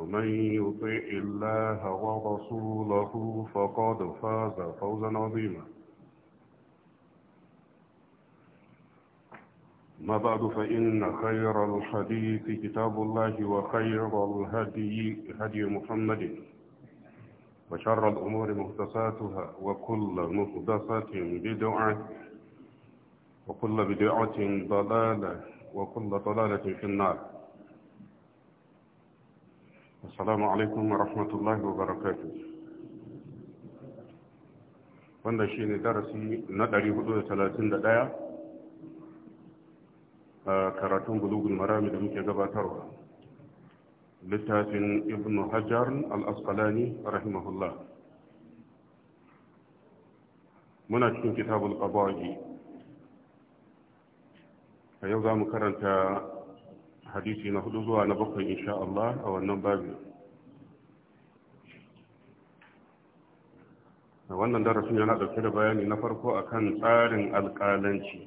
ومن يطع الله ورسوله فقد فاز فوزا عظيما ما بعد فإن خير الحديث كتاب الله وخير الهدي هدي محمد وشر الأمور مهدساتها وكل مهدسة بدعة وكل بدعة ضلالة وكل ضلالة في النار assalamu alaikum wa rahmatullahi wa barakatu wanda shi ne darasi na 431 a karatun bulugun marami da muke gabatarwa littafin ibn hajjar al-asqalani rahimahullah muna cikin kitabul qabaji a yau za mu karanta hadisi na hudu zuwa na bakwai insha Allah a wannan babu wannan darasin yana dauke da bayani na farko akan tsarin alƙalanci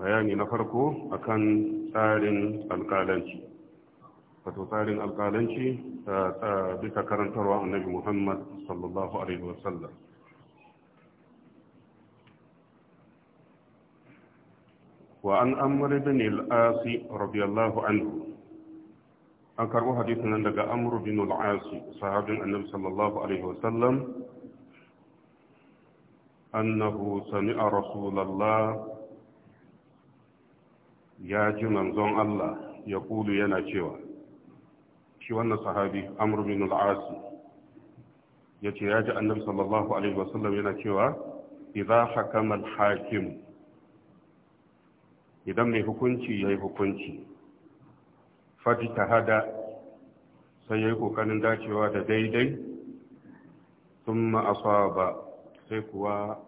bayani na farko akan tsarin alƙalanci wato tsarin alƙalanci bisa karantarwa annabi Muhammad sallallahu alaihi wasallam وعن أمر بن العاص رضي الله عنه an karbo hadisin nan daga amru bin al-as sahabin annabi sallallahu alaihi annahu sami'a rasulullah ya ji manzon Allah ya kulu yana cewa shi wannan sahabi amru bin ya ji annabi sallallahu alaihi wasallam yana cewa hakim idan mai hukunci ya yi hukunci fadi ta hada sai ya yi ƙoƙarin dacewa da daidai sun ma'asa ba sai kuwa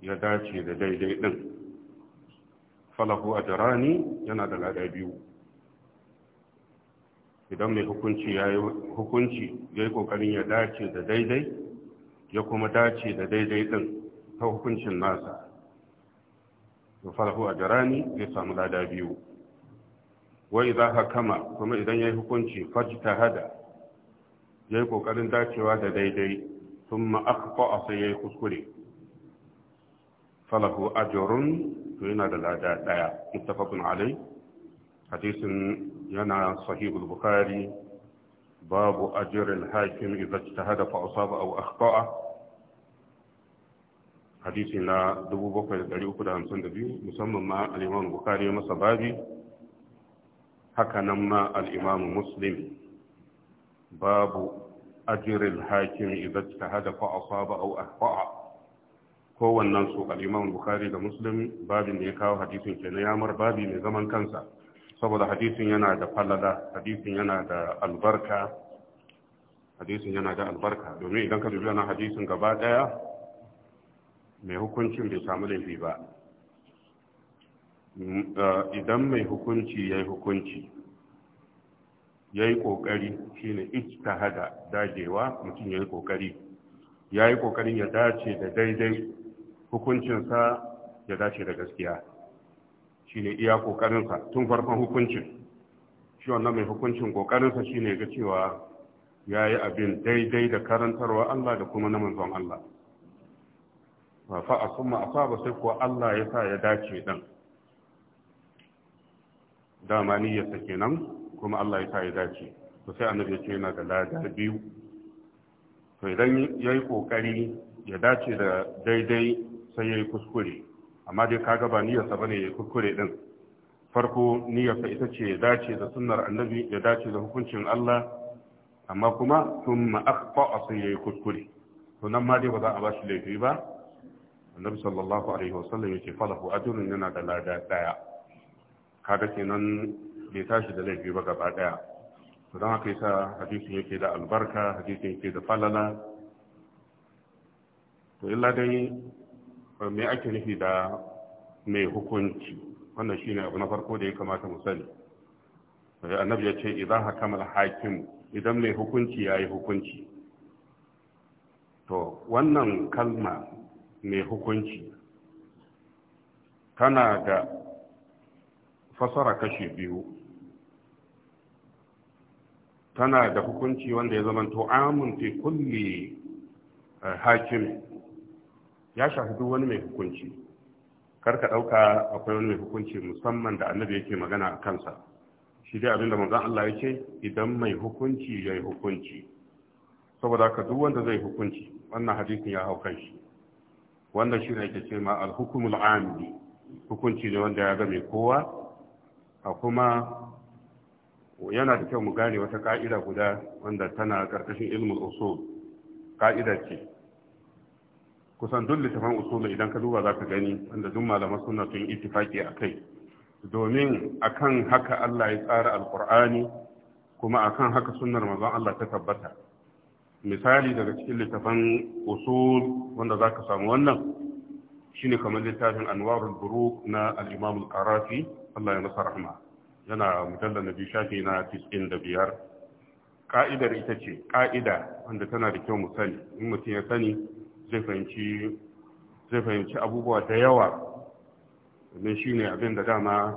ya dace da daidai ɗin falahu a jirani yana da lada biyu idan mai hukunci ya yi hukunci ya yi ƙoƙarin ya dace da daidai ya kuma dace da daidai ɗin ta hukuncin nasa to falahu ni, zai samu lada biyu wai za ka kama kuma idan ya yi hukunci fajita hada ya yi ƙoƙarin dacewa da daidai sun ma'akfa a sai ya yi kuskure falahu ajorun to yana da lada ɗaya mustafakun alai hadisin yana sahihul bukari babu ajirin hakim idan ta hada fa usaba akhta'a hadisi na 7352 musamman ma al'imamu bukari masa babi haka nan ma al'imamu musulmi babu ajirin hakim idan ta hada fa'afa ba au ahfa'a Kowannan su al'imamu bukari da musulmi babin da ya kawo hadisin ke na yamar babi mai zaman kansa saboda hadisin yana da falala hadisin yana da albarka hadisin yana da albarka domin idan ka dubi wannan hadisin gaba daya mai hukuncin bai samu laifi ba mm, eh, idan mai hukunci ya yi hukunci ya yi ƙoƙari shi ne hada dagewa mutum ya yi ƙoƙari ya yi ƙoƙarin ya dace da daidai hukuncinsa ya dace da gaskiya shi ne iya ƙoƙarinsa tun farkon hukuncin shi wannan mai hukuncin ƙoƙarinsa shi ne ga cewa ya yi abin daidai da karantarwa Allah da kuma na manzon Allah fa a kuma a asaba sai kuwa Allah ya sa ya dace ɗan dama niyyarsa kenan kuma Allah ya sa ya dace to sai annabi ya ce yana da lada biyu to idan ya yi kokari ya dace da daidai sai ya yi kuskure amma dai ka ba niyyarsa ba ne ya yi kuskure din farko niyyarsa ita ce ya dace da sunnar annabi ya dace da hukuncin Allah amma kuma sun ma'akfa a sai ya yi kuskure to nan ma dai ba za a ba shi laifi ba annabi sallallahu alaihi wasallam yake falahu ajrun yana da lada daya kaga kenan bai tashi da laifi ba gaba daya to don haka yasa hadisi yake da albarka hadisi yake da falala to illa dai me ake nufi da mai hukunci wannan shine abu na farko da ya kamata mu sani eh, annabi ya ce idan hakamal hakim idan mai hukunci yayi hukunci to wannan kalma mai hukunci tana da fasara kashe biyu tana da hukunci wanda ya zamanto amun fi kulle eh, hakim ya shafi duk wani mai hukunci ka ɗauka akwai wani mai hukunci musamman da annabi yake magana a kansa shi dai abinda manzon Allah ya ce idan mai hukunci ya yi hukunci saboda haka duk wanda zai hukunci wannan hadisin ya hau kan shi wanda shi ne ke ce ma alhukumul hukunci ne wanda ya game kowa a kuma yana da kyau mu gane wata ka'ida guda wanda tana karkashin ilmul usul ka'ida ce kusan duk littafin usul idan ka duba zaka gani wanda duk malaman sunna sun ittifaki akai domin akan haka Allah ya tsara alqur'ani kuma akan haka sunnar manzon Allah ta tabbata misali daga cikin littafan usul wanda za ka samu wannan shi ne kamar littafin anwarul buruk na al-imam Allah ya masa rahma yana na nabi shafi na da biyar. ka'idar ita ce ka'ida wanda tana da kyau mu in mutum ya sani zai fahimci abubuwa da yawa domin ne abin da dama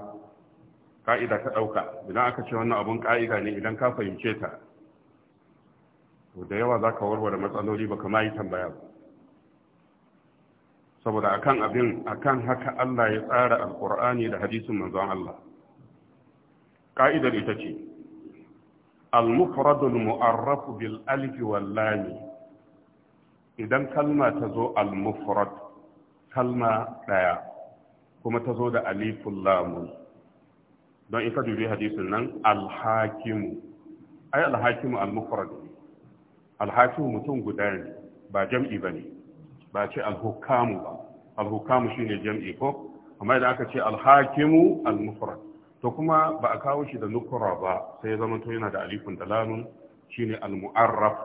ƙa'ida ta ɗauka, idan aka ce wannan abun ƙa'ida ne idan ka fahimce ta to da yawa za ka warware matsaloli ba kama yi tambaya ba saboda akan abin akan haka Allah ya tsara alkur'ani da hadisin manzon Allah ka'idar ita ce al-mufradul mu'arraf bil alif wal lam idan kalma ta zo al-mufrad kalma daya kuma ta zo da aliful lam don in ka dubi hadisin nan al-hakimu ay al al-mufrad alhakim mutum guda ne ba jam'i ba ne ba ce alhukamu ba alhukamu shi ne jam'i ko amma idan aka ce alhakimu almufrad to kuma ba a kawo shi da nukura ba sai zama to yana da alifin dalalun shi ne almu'arraf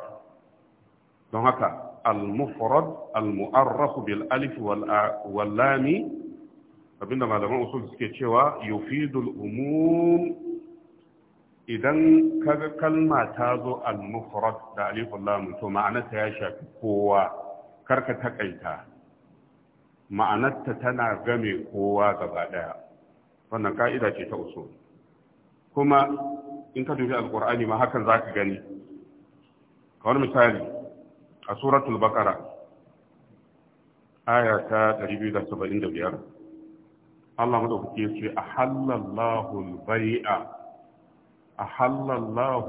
don haka almufrad almu'arraf bil alif wallami abinda malaman usul suke cewa yufidul umum idan kaga kalma ta zo al-mufrad da alifun lamun to ma'anarta ya shafi kowa karka takaita ma'anarta tana game kowa gaba daya wannan ka'ida ce ta usul kuma in ka dubi alqur'ani ma hakan zaka gani kamar misali a suratul baqara aya ta 275 Allah madaukake ce ahallallahu al-bai'a أحل الله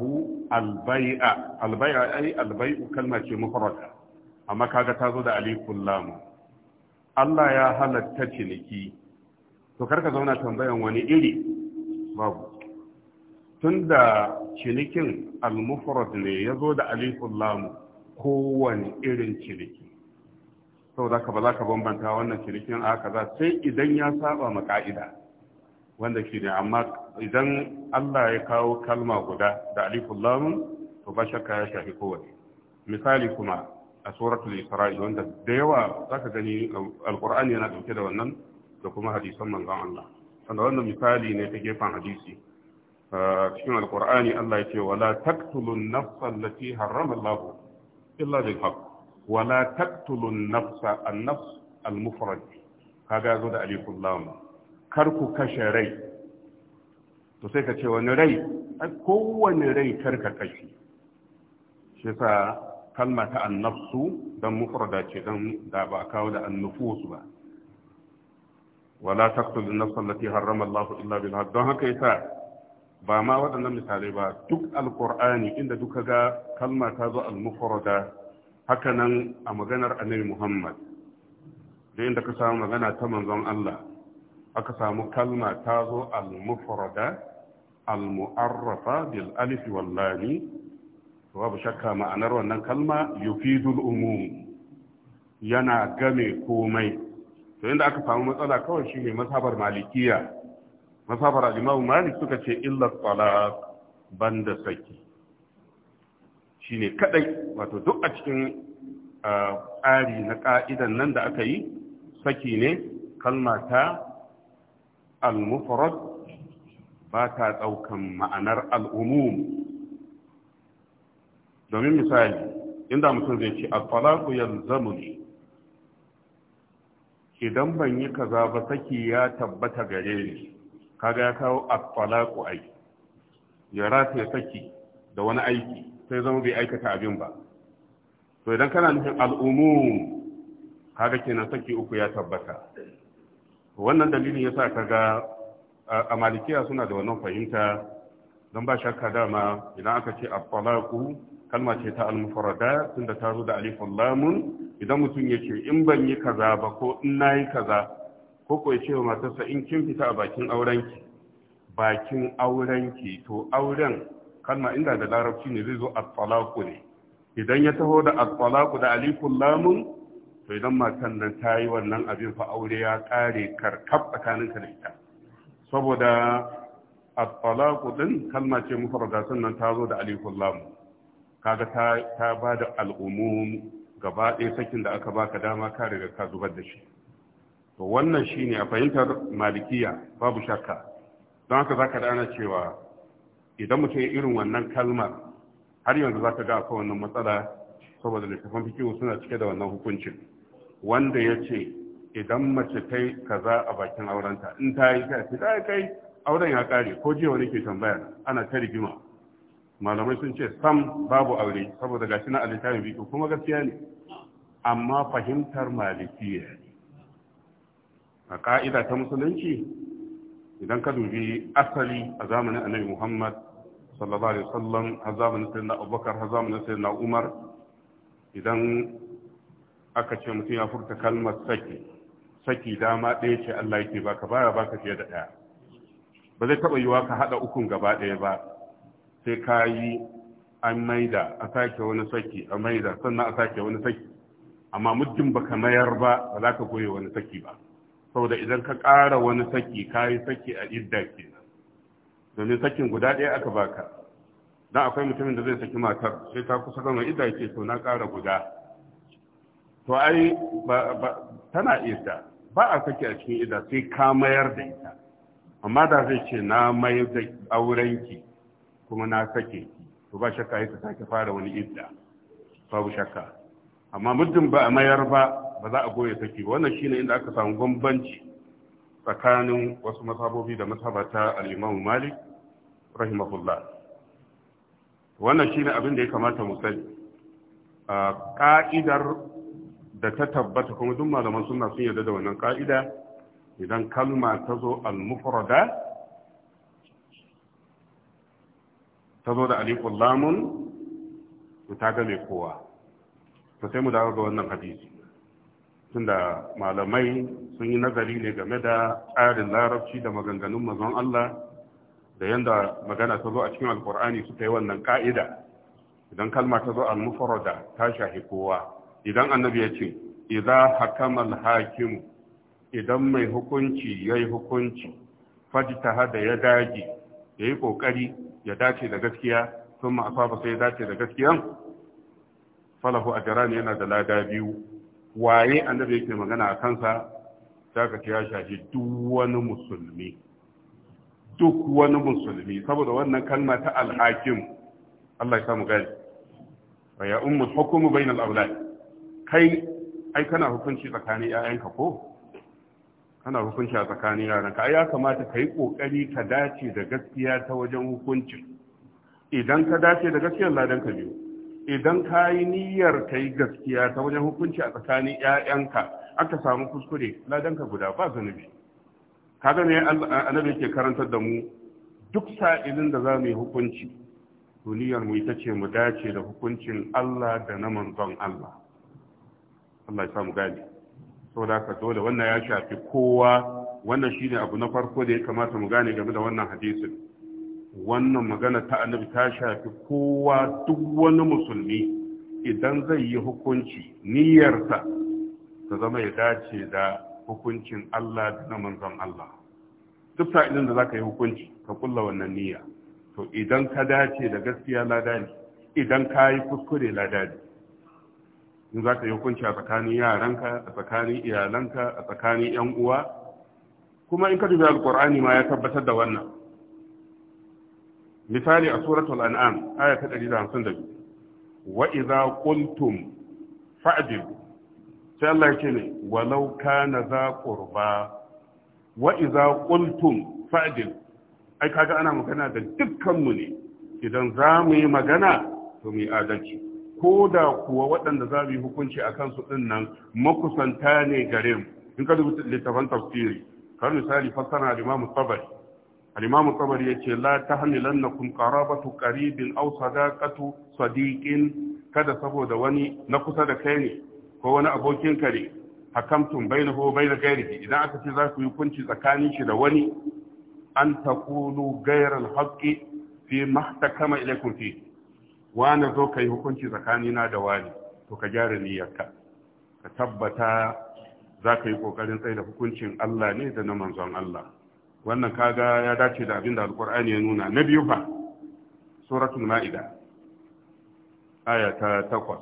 البيع البيع أي البيع كلمة مفردة أما كذا تزود عليكم اللام الله يا هل تشنكي تكرك زونا تنبيع واني إلي بابو tunda cinikin al-mufrad ne ya zo da alifun lamu kowane irin ka ba za ka bambanta wannan cinikin a za sai idan ya saba maka'ida wanda shi ne amma idan Allah ya kawo kalma guda da alifun lamun to ba shakka ya shafi kowane misali kuma a suratul isra'i wanda da yawa zaka gani alqur'ani yana dauke da wannan da kuma hadisan manzon Allah sanda wannan misali ne ta gefen hadisi cikin alqur'ani Allah ya ce wala taqtulun nafsa allati harrama Allah illa bil haqq wala taqtulun nafsa an-nafs al-mufrad kaga zo da alifun lamun kar ku kashe rai to sai ka ce wani rai kowane rai karka kashi shi sa kalma ta annafsu don mufrada ce don da ba kawo da annufusu ba wala taqtul an-nafs allati harrama Allahu illa bil haqq don haka yasa ba ma waɗannan misalai ba duk alqur'ani inda duka ga kalma ta zo al-mufrada haka nan a maganar annabi Muhammad da inda ka samu magana ta manzon Allah aka samu kalma ta zo al-mufrada al-mu'arrafa bil alif wal lam babu shakka ma'anar wannan kalma yufidul umum yana game komai to inda aka samu matsala kawai shine masabar malikiya masabar al-imam malik suka ce illa talaq banda saki shine kadai wato duk a cikin ah, tsari na ka'idan nan da aka yi saki ne kalma ta المفرد باتا ba ta ɗaukan ma'anar مثال domin misali inda mutum zai ci idan ban yi kaza ba saki ya tabbata gare ni kaga ya kawo al ai ya rata saki da wani aiki sai zama bai aikata abin ba to idan kana nufin al'umum kaga kenan saki uku ya tabbata wannan dalilin ya sa ka ga a malikiya suna da wannan fahimta don ba shakka dama idan aka ce a falaku kalma ce ta almufarada tun tunda ta zo da alifun lamun idan mutum ya ce in ban yi kaza ba ko in na yi kaza ko ko ya ce wa matarsa in kin fita a bakin aurenki bakin aurenki to auren kalma inda da larabci ne zai zo a falaku ne idan ya taho da a falaku da alifun lamun to idan matan nan ta yi wannan abin fa aure ya kare karkab tsakaninka da ita saboda at-talaqu din kalma ce mufarrada sannan ta zo da alikul lam kaga ta ta bada al-umum gaba ɗaya sakin da aka baka dama ka riga ka zubar da shi to wannan shine a fahimtar malikiya babu shakka don haka zaka da ana cewa idan mutum ya irin wannan kalmar har yanzu zaka ga akwai wannan matsala saboda littafan fikihu suna cike da wannan hukuncin wanda ya ce idan mace ta yi kaza a bakin aurenta in ta yi ta ce ta kai auren ya kare ko jiya wani ke tambaya ana ta rigima malamai sun ce sam babu aure saboda gashi na alitabin biyu kuma gaskiya ne amma fahimtar malikiya ne a ka'ida ta musulunci idan ka dubi asali a zamanin annabi muhammad sallallahu alaihi wasallam har zamanin sayyidina abubakar har zamanin sayyidina umar idan aka ce mutum ya furta kalmar saki saki dama ɗaya ce Allah yake baka baya baka fiye da ɗaya ba zai taɓa yiwa ka haɗa ukun gaba ɗaya ba sai ka yi an maida a sake wani saki a maida sannan a sake wani saki amma muddin baka mayar ba ba za ka goye wani saki ba saboda idan ka ƙara wani saki ka yi saki a idda ke domin sakin guda ɗaya aka baka dan akwai mutumin da zai saki matar sai ta kusa gama idda ke to na ƙara guda to ai tana isa, ba a sake a cikin isa, sai ka mayar da ita amma da zai ce na mayar da aurenki kuma na sake ki to ba shakka ita ta sake fara wani isa, babu shakka amma muddin ba a mayar ba ba za a goye sake wannan shine inda aka samu bambanci tsakanin wasu masabobi da masabata al-Imam Malik rahimahullah wannan shine abin da ya kamata mu sani Ka'idar. da ta tabbata kuma duk malaman sunna sun yarda da wannan ka'ida idan kalma ta zo al-mufrada ta zo da alifun lamun ta ga mai kowa to sai mu dawo ga wannan hadisi tunda malamai sun yi nazari ne game da tsarin larabci da maganganun mazan Allah da yanda magana ta zo a cikin alkur'ani ta yi wannan ka'ida idan kalma ta zo al mufrada ta shahi kowa idan annabi ya ce idza hakamal hakim idan mai hukunci yayi hukunci hada ya dage yayi kokari ya dace da gaskiya a asaba sai ya dace da gaskiyan falahu ajran yana da lada biyu waye annabi yake magana a kansa zaka ya shafi duk wani musulmi duk wani musulmi saboda wannan kalma ta alhakim Allah ya samu gani ya ummu hukumu bainal awlad kai ai kana hukunci tsakanin ‘ya'yanka ko kana hukunci a tsakanin yaranka ai ya kamata ka yi ƙoƙari ka dace da gaskiya ta wajen hukuncin idan ka dace da gaskiyar ladan ka biyu idan ka yi niyyar ka yi gaskiya ta wajen hukunci a tsakanin ‘ya'yanka aka samu kuskure ladan ka guda ba Ka kaga ne annabi ke karantar da mu duk sa'ilin da za mu yi hukunci duniyar mu ita ce mu dace da hukuncin Allah da na manzon Allah Allah ya samu gane saboda ka dole wannan ya shafi kowa wannan shine abu na farko da ya kamata mu gane game da wannan hadisin wannan magana ta annabi ta shafi kowa duk wani musulmi idan zai yi hukunci niyyarsa ta zama ya dace da hukuncin Allah da na manzon Allah duk idan da zaka yi hukunci ka kulla wannan niyya to idan ka dace da gaskiya ladani idan ka yi kuskure ladani in za ka yi hukunci a tsakanin yaranka a tsakanin iyalanka a tsakanin yan uwa kuma in ka dubi Alƙur'ani ma ya tabbatar da wannan misali a suratul an'am aya ta 152 wa idza qultum fa'dilu sai Allah ya ce ne walau kana za qurba wa idza qultum fa'adil, ai kaga ana magana da dukkanmu ne idan za mu yi magana to mu yi adalci ko da kuwa waɗanda za mu yi hukunci a kansu ɗin nan makusanta ne gare mu in ka dubi littafan tafsiri kar misali fassara al-imamu tabari al-imamu tabari yace la tahmilannakum qarabatu qaribin aw sadaqatu sadiqin kada saboda wani na kusa da kai ne ko wani abokin ka ne hakamtum bainahu baina ghairihi idan aka ce za ku yi hukunci tsakanin shi da wani an taqulu ghayra al-haqqi fi mahtakama ilaykum fihi wani zo ka yi hukunci tsakanina da wani to ka gyara niyyar ka Ka tabbata za ka yi ƙoƙarin tsaye da hukuncin Allah ne da na manzon Allah wannan kaga ya dace da abin da alƙur'ani ya nuna na biyu fa suratul ma'ida aya ta takwas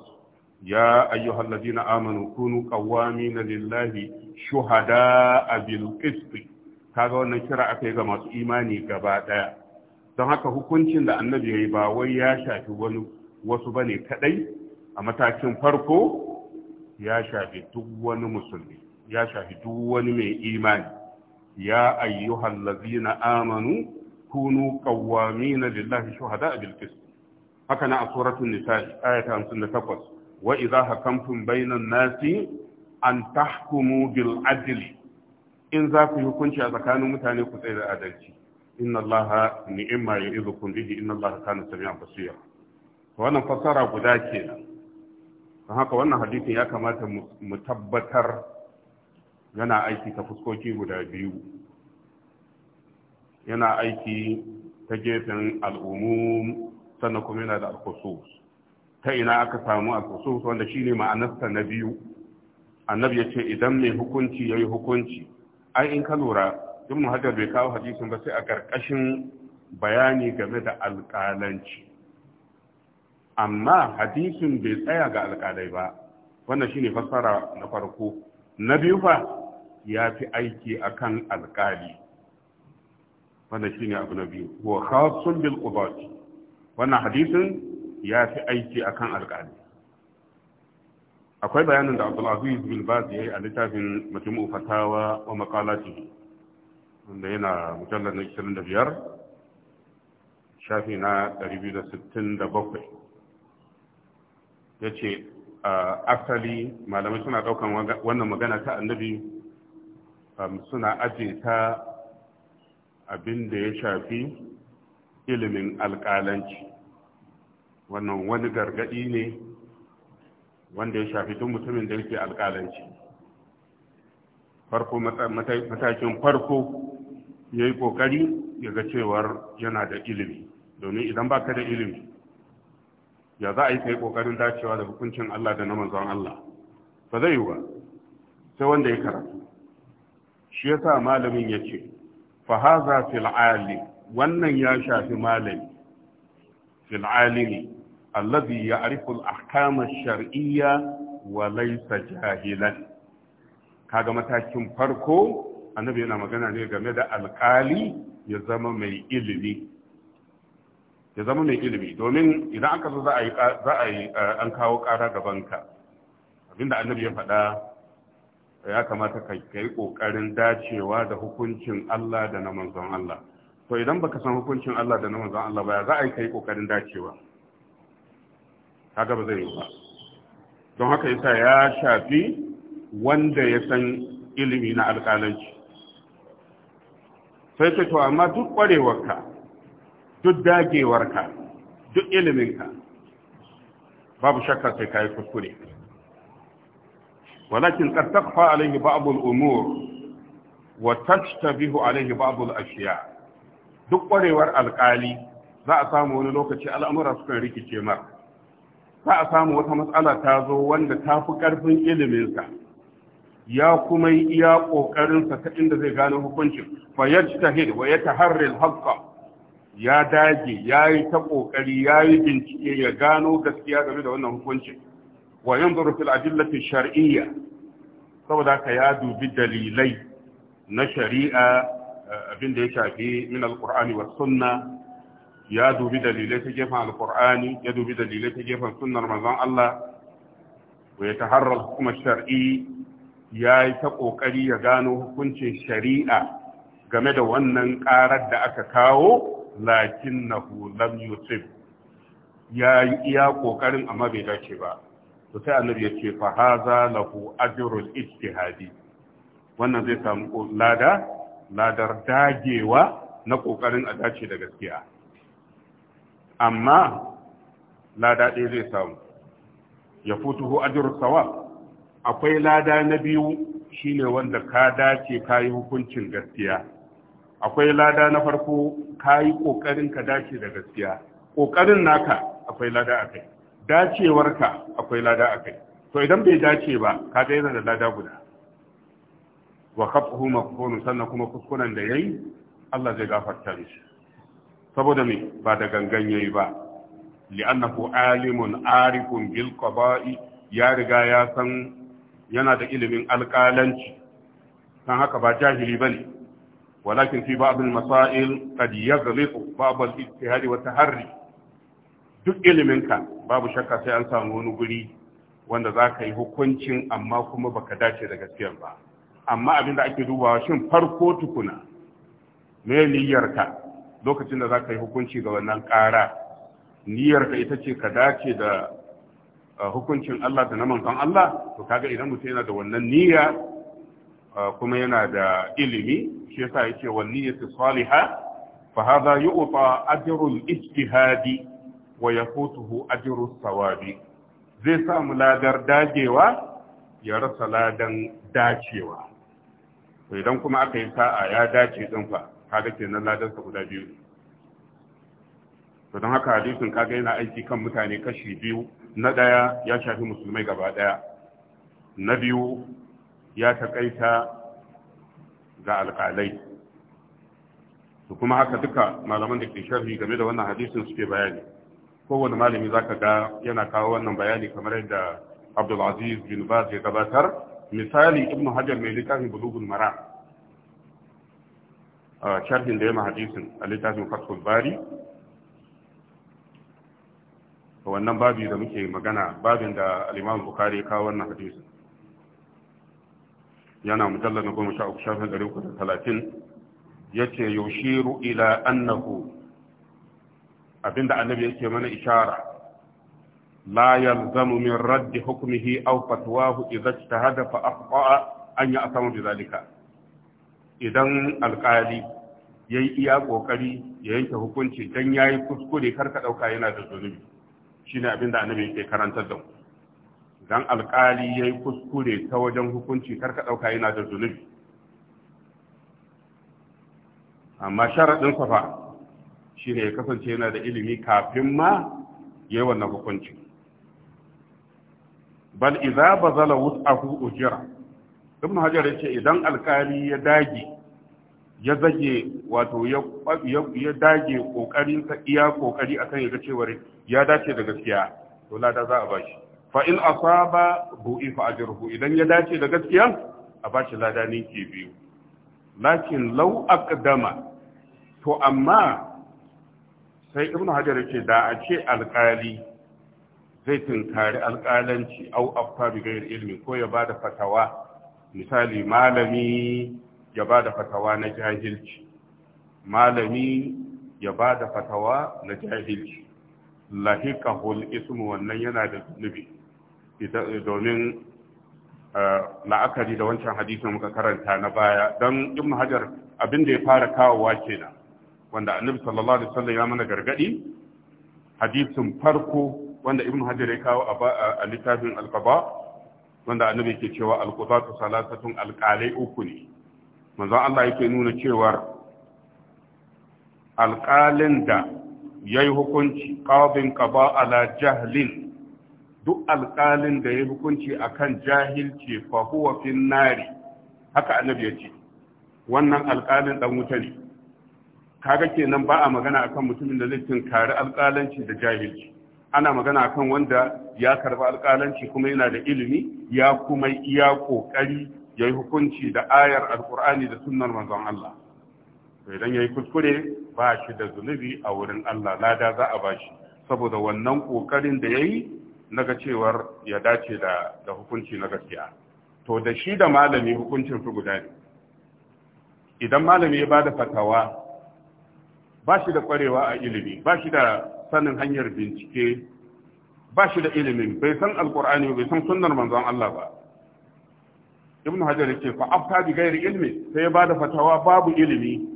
ya ayyuhal ladina amanu kunu qawwamina lillahi shuhada bil qisti kaga wannan kira akai ga masu imani gaba daya don haka hukuncin da annabi ya yi ba wai ya shafi wani wasu ba ne kaɗai a matakin farko ya shafi duk wani musulmi ya shafi duk wani mai imani ya ayyuhal ladzina amanu kunu na lillahi shuhada a qist haka na a suratun nisa ayata 58 wa idza hakamtum bainan nasi an tahkumu bil adli in za ku hukunci a tsakanin mutane ku tsaye da adalci inna allaha ni'ma ya'idukum bihi inna allaha kana sami'an basira wannan fasara guda kenan don haka wannan hadisin ya kamata mu tabbatar yana aiki ta fuskoki guda biyu yana aiki ta gefen al'umum sannan kuma yana da al al-khusus ta ina aka samu al al-khusus wanda shine ma'anarsa na biyu annabi ya ce idan mai hukunci ya yi hukunci ai in ka lura ibn hajar bai kawo hadisin ba sai a ƙarƙashin bayani game da alƙalanci amma hadisin bai tsaya ga alƙalai ba wannan shine fassara na farko na biyu fa ya fi aiki akan alƙali wannan shine abu na biyu wa khasun bil qudat wannan hadisin ya fi aiki akan alƙali akwai bayanin da Abdul Aziz bin Baz yayi a littafin Majmu'u Fatawa wa Maqalatihi wanda yana mujallar na 25 shafi na 267 ya ce asali malamai suna daukan wannan magana ta annabi suna aje ta abin da ya shafi ilimin alƙalanci wannan wani gargadi ne wanda ya shafi tun mutumin da yake alƙalanci farko matakin farko ya yi ƙoƙari ya ga cewar yana da ilimi domin idan baka da ilimi ya za a yi kai ƙoƙarin dacewa da hukuncin Allah da na manzon Allah ba zai yi ba sai wanda ya karatu shi yasa malamin ya ce fa haza fil wannan ya shafi malami fil alimi alladhi ya'rifu al ahkam ash-shar'iyya wa laysa jahilan kaga matakin farko annabi yana magana ne game da alkali ya zama mai ilimi ya zama mai ilimi domin idan aka zo za a yi eh, an kawo ƙara gabanka abinda annabi ya faɗa ya kamata ka yi ƙoƙarin dacewa da hukuncin Allah da na manzon Allah to idan baka san hukuncin Allah da na manzon Allah ba za a yi ka yi ƙoƙarin dacewa kaga ba zai yi ba don haka yasa ya shafi wanda ya san ilimi na alƙalanci sai ce to amma duk ƙwarewarka duk dagewarka duk iliminka babu shakka sai yi kuskure walakin qad takfa alayhi ba'd al-umur wa tashtabihu alayhi ba'd al-ashiya duk ƙwarewar alƙali za a samu wani lokaci al'amura sukan rikice mar za a samu wata matsala ta zo wanda ta fi ƙarfin iliminsa ya kuma yi iya ƙoƙarinsa ta inda zai gano hukuncin fa ya ci tahid wa ya taharril haƙƙa ya dage ya yi ta ƙoƙari ya yi bincike ya gano gaskiya game da wannan hukuncin wa yin fil adillati shar'iyya saboda ka ya dubi dalilai na shari'a eh, abin da ya shafi min alqur'ani was sunna ya dubi dalilai ta gefen alqur'ani ya dubi dalilai ta gefen sunnar manzon Allah wa ya taharral hukuma shar'i ya yi ta ƙoƙari ya gano hukuncin shari'a game da wannan ƙarar da aka kawo lakin na lam yusuf ya yi iya ƙoƙarin amma bai dace ba to sai annabi ya ce fa haza lahu ajrul ijtihadi wannan zai samu lada ladar dagewa na ƙoƙarin a dace da gaskiya amma lada ɗaya zai samu ya hu ajrul sawab akwai lada na biyu shine wanda ka dace ka yi hukuncin gaskiya akwai lada na farko ka yi ƙoƙarin ka dace da gaskiya ƙoƙarin naka akwai lada a kai dacewarka akwai lada a kai to idan bai dace ba ka ga da lada guda wa kafahu mafhunu sannan kuma kuskuren da yayi Allah zai gafarta mishi saboda me ba da gangan yayi ba li'annahu alimun arifun bil ya riga ya san yana da ilimin alƙalanci Kan haka ba jahili ba ne walakin fi ba abin masa'il kad ya zalifu babu ijtihadi wa taharri duk iliminka babu shakka sai an samu wani guri wanda za ka yi hukuncin amma kuma baka dace da gaskiyar ba amma abin da ake dubawa shin farko tukuna me niyyarka lokacin da za ka yi hukunci ga wannan ƙara niyyarka ita ce ka dace da hukuncin Allah da na manzon Allah to kaga idan mutum yana da wannan niyya kuma yana da ilimi shi yasa yake wa niyyatu salihah fa hadha yu'ta ajrul ijtihadi wa yafutuhu ajrus sawabi zai samu ladar dagewa ya rasa ladan dacewa to idan kuma aka yi sa'a ya dace din fa kaga kenan ladan sa guda biyu to don haka hadisin kaga yana aiki kan mutane kashi biyu na ɗaya ya shafi musulmai gaba ɗaya na biyu ya taƙaita ga alƙalai su kuma haka duka malaman da ke sharhi game da wannan hadisin suke bayani kowane malami za ka ga yana kawo wannan bayani kamar yadda abdulaziz bin baz ya gabatar misali ibnu hajar mai littafin bulugun mara sharhin da ya hadisin a littafin fatul bari wannan babi da muke magana babin da al-Imam Bukhari ka wannan hadisi yana mujallar na uku shafin 330 yace yushiru ila annahu abinda annabi yake mana ishara la yalzamu min raddi hukmihi aw fatwahu idza ijtahada fa akhta an ya'tamu bi zalika idan alqali yayi iya kokari ya yanke hukunci dan yayi kuskure karka dauka yana da zunubi shine abin da annabi yake karantar da mu dan alkali yayi kuskure ta wajen hukunci karka dauka yana da zunubi amma sharadin safa shine ya kasance yana da ilimi kafin ma yayi wannan hukunci bal idza bazala wus'ahu ujra ibn hajar yace idan alkali ya dage ya zage wato ya dage kokarin ta iya kokari akan ya ga cewa ya dace da gaskiya to lada za a bashi fa in asaba bu'ifa ajruhu idan ya dace da gaskiya a bashi lada ninki biyu lakin law aqdama to amma sai ibnu hajar ce da a ce alkali zai tinkari alkalanci au afta bi ilmi ko ya bada fatawa misali malami ya ba da fatawa na jahilci malami ya ba da fatawa na jahilci lahikahul ismu wannan yana da zunubi domin eh, la'akari da wancan hadisin muka karanta na baya don ibn hajar abin da ya fara kawowa kenan wanda annabi sallallahu alaihi wasallam ya mana gargadi hadisin farko wanda ibn hajar ya kawo a littafin alqaba wanda annabi ke cewa alqudatu salasatun alqalai uku ne manzon Allah yake nuna cewa alƙalin da ya yi hukunci ƙawabin ƙaba ala jahlin duk alƙalin da ya yi hukunci akan kan jahilci fahuwafin nari haka annabi ya ce wannan alƙalin ɗan wuta ne kaga kenan ba a magana akan mutumin da zai tunkari alƙalanci da jahilci ana magana akan wanda ya karba alƙalanci kuma yana da ilimi ya kuma iya ƙoƙari ya yi hukunci da ayar alkur'ani da sunnar manzon Allah idan ya yi kuskure ba shi da zunubi a wurin Allah lada za a ba saboda wannan kokarin da yayi yi naga cewar ya dace da da hukunci na gaskiya to da shi da malami hukuncin su guda ne idan malami ya bada fatawa ba shi da kwarewa a ilimi ba shi da sanin hanyar bincike ba shi da ilimin bai san alƙur'ani bai san sunnar manzon Allah ba ibn hajar yake fa afta bi ghairi ilmi sai ya bada fatawa babu ilimi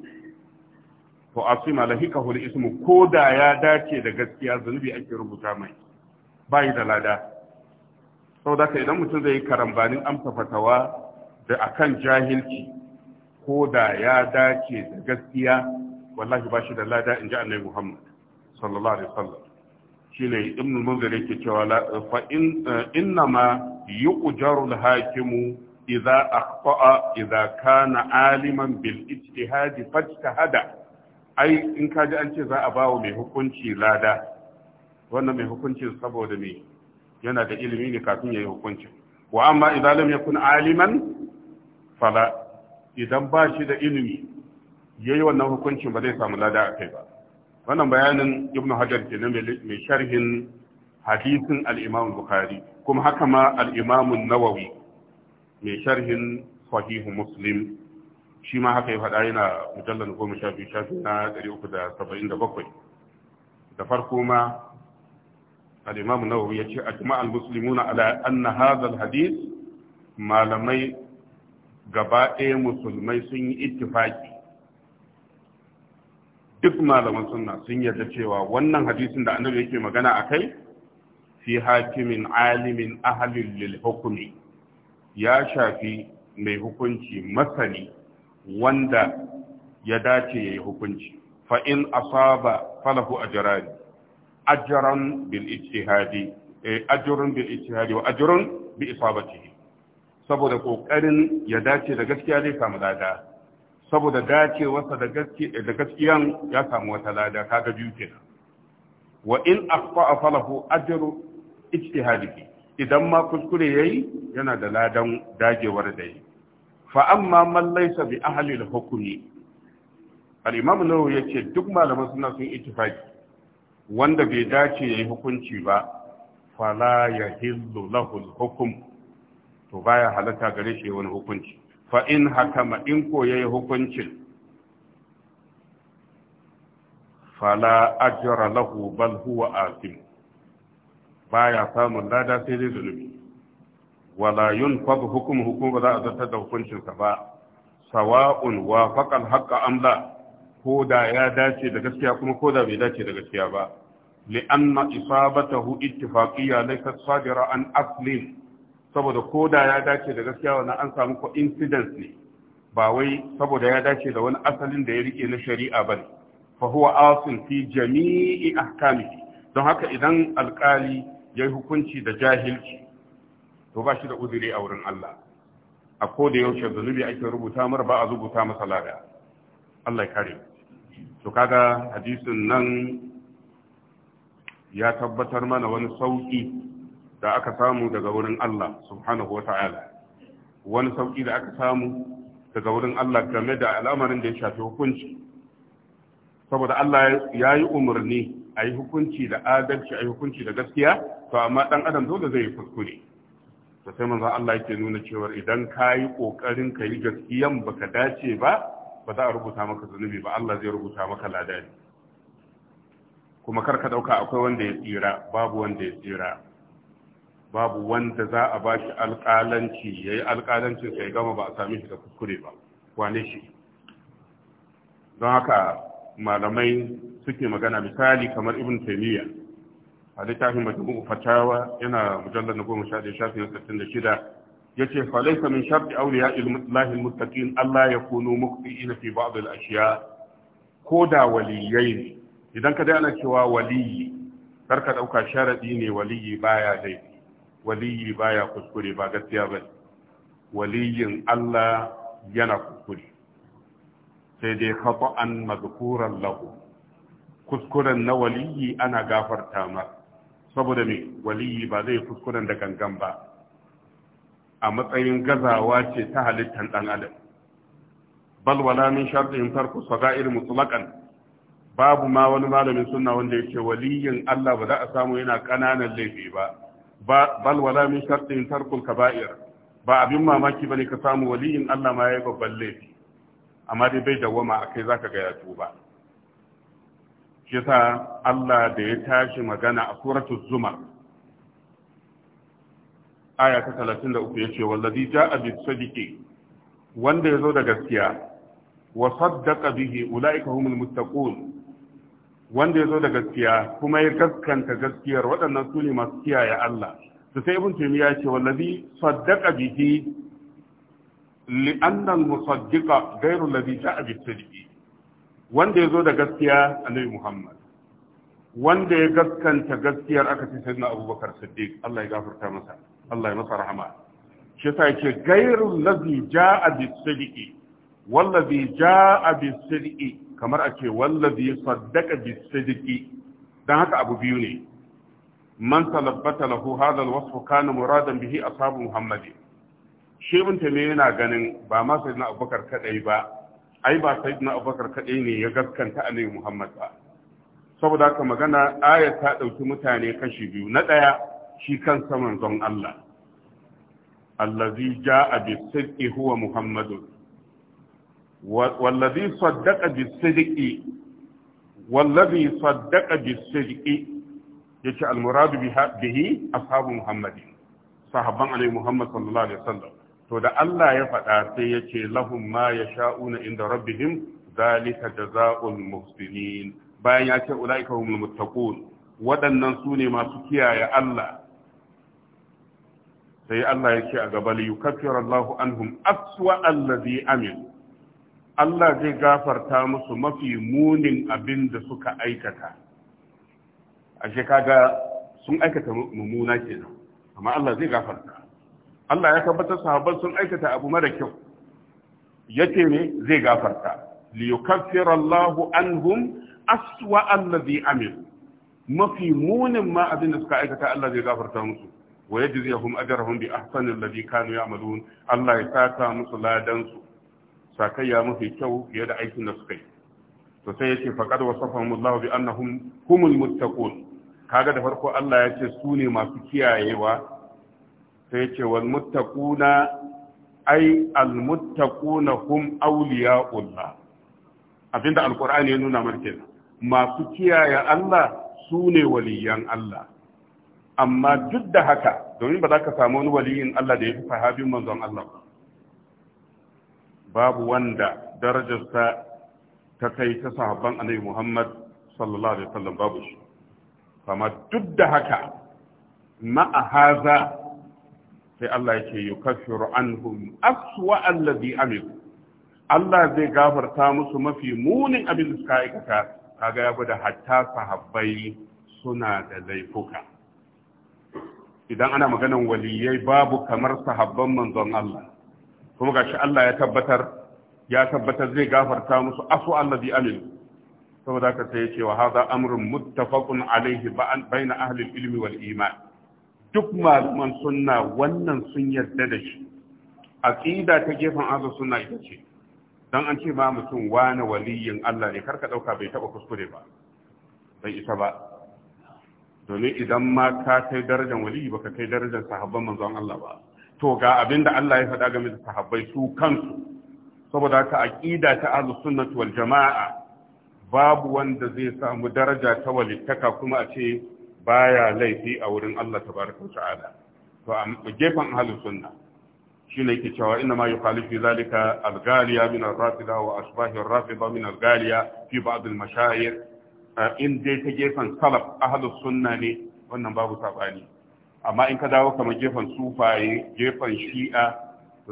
to asima lahika hul ismu ko da ya dace da gaskiya zunubi ake rubuta mai bai da lada saboda ka idan mutum zai yi karambanin amsa fatawa da akan jahilci ko da ya dace da gaskiya wallahi ba shi da lada in ji annabi muhammad sallallahu alaihi wasallam shine ibn munzir yake cewa fa in eh, inna ma yuqjaru al-hakimu idza akhta'a aliman bil ijtihadi fajtahada ai in kaji an a bawo mai hukunci lada yana da ilimi ne yayi hukuncin wa amma fala idan ba da ilimi yayi wannan hukuncin ba samu lada kai ba wannan bayanin ibnu hajar mai sharhin hadisin al-imam kuma haka ma al nawawi mai sharhin sahihu muslim shi ma haka ya faɗa yana mujallar goma sha biyu shafi na ɗari uku da saba'in da bakwai da farko ma al'imamu nawawi ya ce a ajma al-muslimuna ala na hadha hadis malamai gaba ɗaya musulmai sun yi ittifaki duk malaman sunna sun yarda cewa wannan hadisin da annabi yake magana a kai, fi hakimin alimin ahalin lil hukumi ya shafi mai hukunci masani wanda ya dace ya yi hukunci fa'in asaba falahu ajirani ajiran bil ijtihadi eh, ajirun bil ijtihadi wa ajirun bi isabatihi saboda kokarin ya dace da gaskiya zai samu lada saboda dacewarsa da da gaskiyan ya samu wata lada kaga biyu kenan wa in akhta falahu ajru ijtihadihi idan ma kuskure yayi yana da ladan dagewar da yi fa amma man laysa bi ahli al-hukmi al-imam nawawi yace duk malaman suna sun ittifaki wanda bai dace yayi hukunci ba fala yahillu lahu al-hukm to baya halatta gare shi wani hukunci fa in hakama in ko yayi hukuncin fala ajra lahu bal huwa asim baya samun lada sai dai zunubi wala yunfadu hukumu hukumu ba za a zartar da hukuncinsa ba sawa'un wafaqal haqqa am la ko da ya dace da gaskiya kuma ko da bai dace da gaskiya ba anna isabatahu ittifaqiyya laysa sadira an asli saboda ko da ya dace da gaskiya wannan an samu ko incident ne ba wai saboda ya dace da wani asalin da ya rike na shari'a bane fa huwa asil fi jami'i ahkamihi don haka idan alkali ya yi hukunci da jahilci to ba shi da uzuri a wurin Allah a ko da yaushe zunubi ake rubuta mar ba a rubuta masa lada Allah ya kare to kaga hadisin nan ya tabbatar mana wani sauki da aka samu daga wurin Allah subhanahu wa ta'ala wani sauki da aka samu daga wurin Allah game da al'amarin da ya shafi hukunci saboda Allah ya yi umarni a yi hukunci da adalci a yi hukunci da gaskiya to amma dan adam dole zai kuskure to sai manzo Allah yake nuna cewa idan kayi kokarin ka yi gaskiyan baka dace ba ba za a rubuta maka zunubi ba Allah zai rubuta maka ladani kuma kar ka dauka akwai wanda ya tsira babu wanda ya tsira babu wanda za a ba shi alƙalanci yayi alƙalancin sai gama ba a sami shi da kuskure ba wane shi don haka malamai suke magana misali kamar ibn taymiyyah a littafin majmu'u fatawa yana mujallar na goma sha ɗaya shafi na sittin da shida ya ce falaisa min sharti auliya illahi mustaqin Allah ya kunu muku fi ba'd ashiya ko da waliyai ne idan ka dai ana cewa waliyi kar ka ɗauka sharaɗi ne waliyi baya dai waliyi baya kuskure ba gaskiya ba waliyin Allah yana kuskure sai dai khata'an madhkuran lahu kuskuren na waliyi ana gafarta masa saboda me waliyi ba zai kuskuren da gangan ba a matsayin gazawa ce ta halittar ɗan adam bal wala min shartin tarku sagair mutlaqan babu ma wani malamin suna wanda yake waliyin Allah ba za a samu yana ƙananan laifi ba bal wala min shartin tarku kaba'ir ba abin mamaki bane ka samu waliyin Allah ma ya yi babban laifi amma dai bai dawama akai zaka ga ya tuba shi sa Allah da ya tashi magana a suratul zumar aya ta 33 yace wallazi ja'a bis sadiqi wanda yazo da gaskiya wa saddaqa bihi ulaika humul muttaqun wanda yazo da gaskiya kuma ya gaskanta gaskiyar waɗannan su ne masu kiyaye Allah Su sai ibn taymiya yace wallazi saddaqa bihi li'anna al-musaddiqa ghayru alladhi ja'a bis sadiqi wanda ya zo da gaskiya annabi muhammad wanda ya gaskanta gaskiyar aka ce sayyidina abubakar siddiq Allah ya gafarta masa Allah ya masa rahama shi yasa yake gairul ladhi jaa bis-sidqi wallazi jaa bis-sidqi kamar ake wallazi saddaqa bis-sidqi dan haka abu biyu ne man talabbata lahu hadha al-wasf kana muradan bihi ashabu muhammad shi ibn taymiyyah yana ganin ba ma sayyidina abubakar kadai ba ai ba sayyidina abubakar kadai ne ya gaskanta annabi muhammad ba saboda haka magana ayat ta ɗauki mutane kashi biyu na ɗaya, shi kan saman zon Allah allazi ja a sidqi huwa Muhammadu, wallazi saddaqa bis-sidqi wallazi saddaqa bis-sidqi yace al-muradu bihi ashabu muhammadin sahabban annabi muhammad sallallahu alaihi wasallam to da Allah ya faɗa sai ya ce lahum ma sha'una inda rabbihim zalika da jazaa'ul muhsinin bayan ya ce ulaika humul muttaqun waɗannan su ne masu kiyaye Allah sai Allah ya ce a gaba li yukaffiru Allahu anhum aswa allazi amil Allah zai gafarta musu mafi munin abin da suka aikata ashe kaga sun aikata mummuna kenan amma Allah zai gafarta Allah ya tabbatar sahabban sun aikata abu mara kyau yace ne zai gafarta li yukaffira Allahu anhum aswa allazi amil mafi munin ma abin da suka aikata Allah zai gafarta musu wa yajzihum ajrahum bi ahsani allazi kanu ya'malun Allah ya saka musu ladan su sakayya mafi kyau fiye da aikin da suka yi to sai yace faqad wasafahum Allah bi annahum humul muttaqun kaga da farko Allah ya ce su ne masu kiyayewa sai ce wal muttaquna ai al muttaquna hum awliya'ullah abinda alqur'ani ya nuna mana kenan masu kiyaye Allah sune waliyan Allah amma duk da haka domin ba za ka samu wani waliyin Allah da ya fi sahabin manzon Allah babu wanda darajarsa ta kai ta sahabban annabi Muhammad sallallahu alaihi wasallam babu shi Kama duk da haka ma'a haza sai Allah ya ce yukaffiru anhum aswa alladhi amilu Allah zai gafarta musu mafi munin abin da suka aikata kaga ya gwada hatta sahabbai suna da laifuka idan ana maganan waliyai babu kamar sahabban manzon Allah kuma gashi Allah ya tabbatar ya tabbatar zai gafarta musu asu alladhi amin saboda haka sai ya ce wa hadha amrun muttafaqun alayhi bayna ahli al-ilmi wal iman duk malaman sunna wannan sun yarda da shi aqida ta gefen azu sunna ita ce don an ce ba mutum wani waliyin Allah ne karka dauka bai taba kuskure ba bai isa ba domin idan ma ka kai darajar waliyi baka kai darajar sahabban manzon Allah ba to ga abinda Allah ya faɗa game da sahabbai su kansu saboda ka aqida ta azu sunna wal jama'a babu wanda zai samu daraja ta walittaka kuma a ce baya laifi a wurin Allah Ta wa ta'ala to a gefen ahlus sunna shine yake cewa inna ma yukhalifu zalika al-ghaliya min ar-rafida wa asbahi ar-rafida min al-ghaliya fi ba'd al-mashayikh eh, in dai ta gefen salaf ahlus sunna ne wannan babu sabani amma in ka dawo kamar gefen sufaye gefen shi'a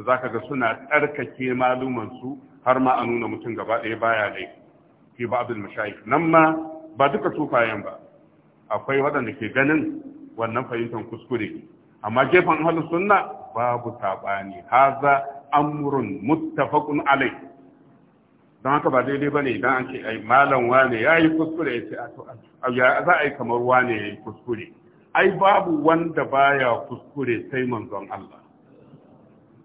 to zaka ga suna tsarkake maluman su har ma a nuna mutum gaba ɗaya baya laifi fi ba'd al-mashayikh nan ma ba duka sufayen ba akwai waɗanda ke ganin wannan fahimtar kuskure amma gefen halin sunna babu saɓani haza amrun muttafaqun alai don haka ba daidai bane idan an ce ai malam wane yayi kuskure ya ce ya za a yi kamar wane yayi kuskure ai babu wanda baya kuskure sai manzon Allah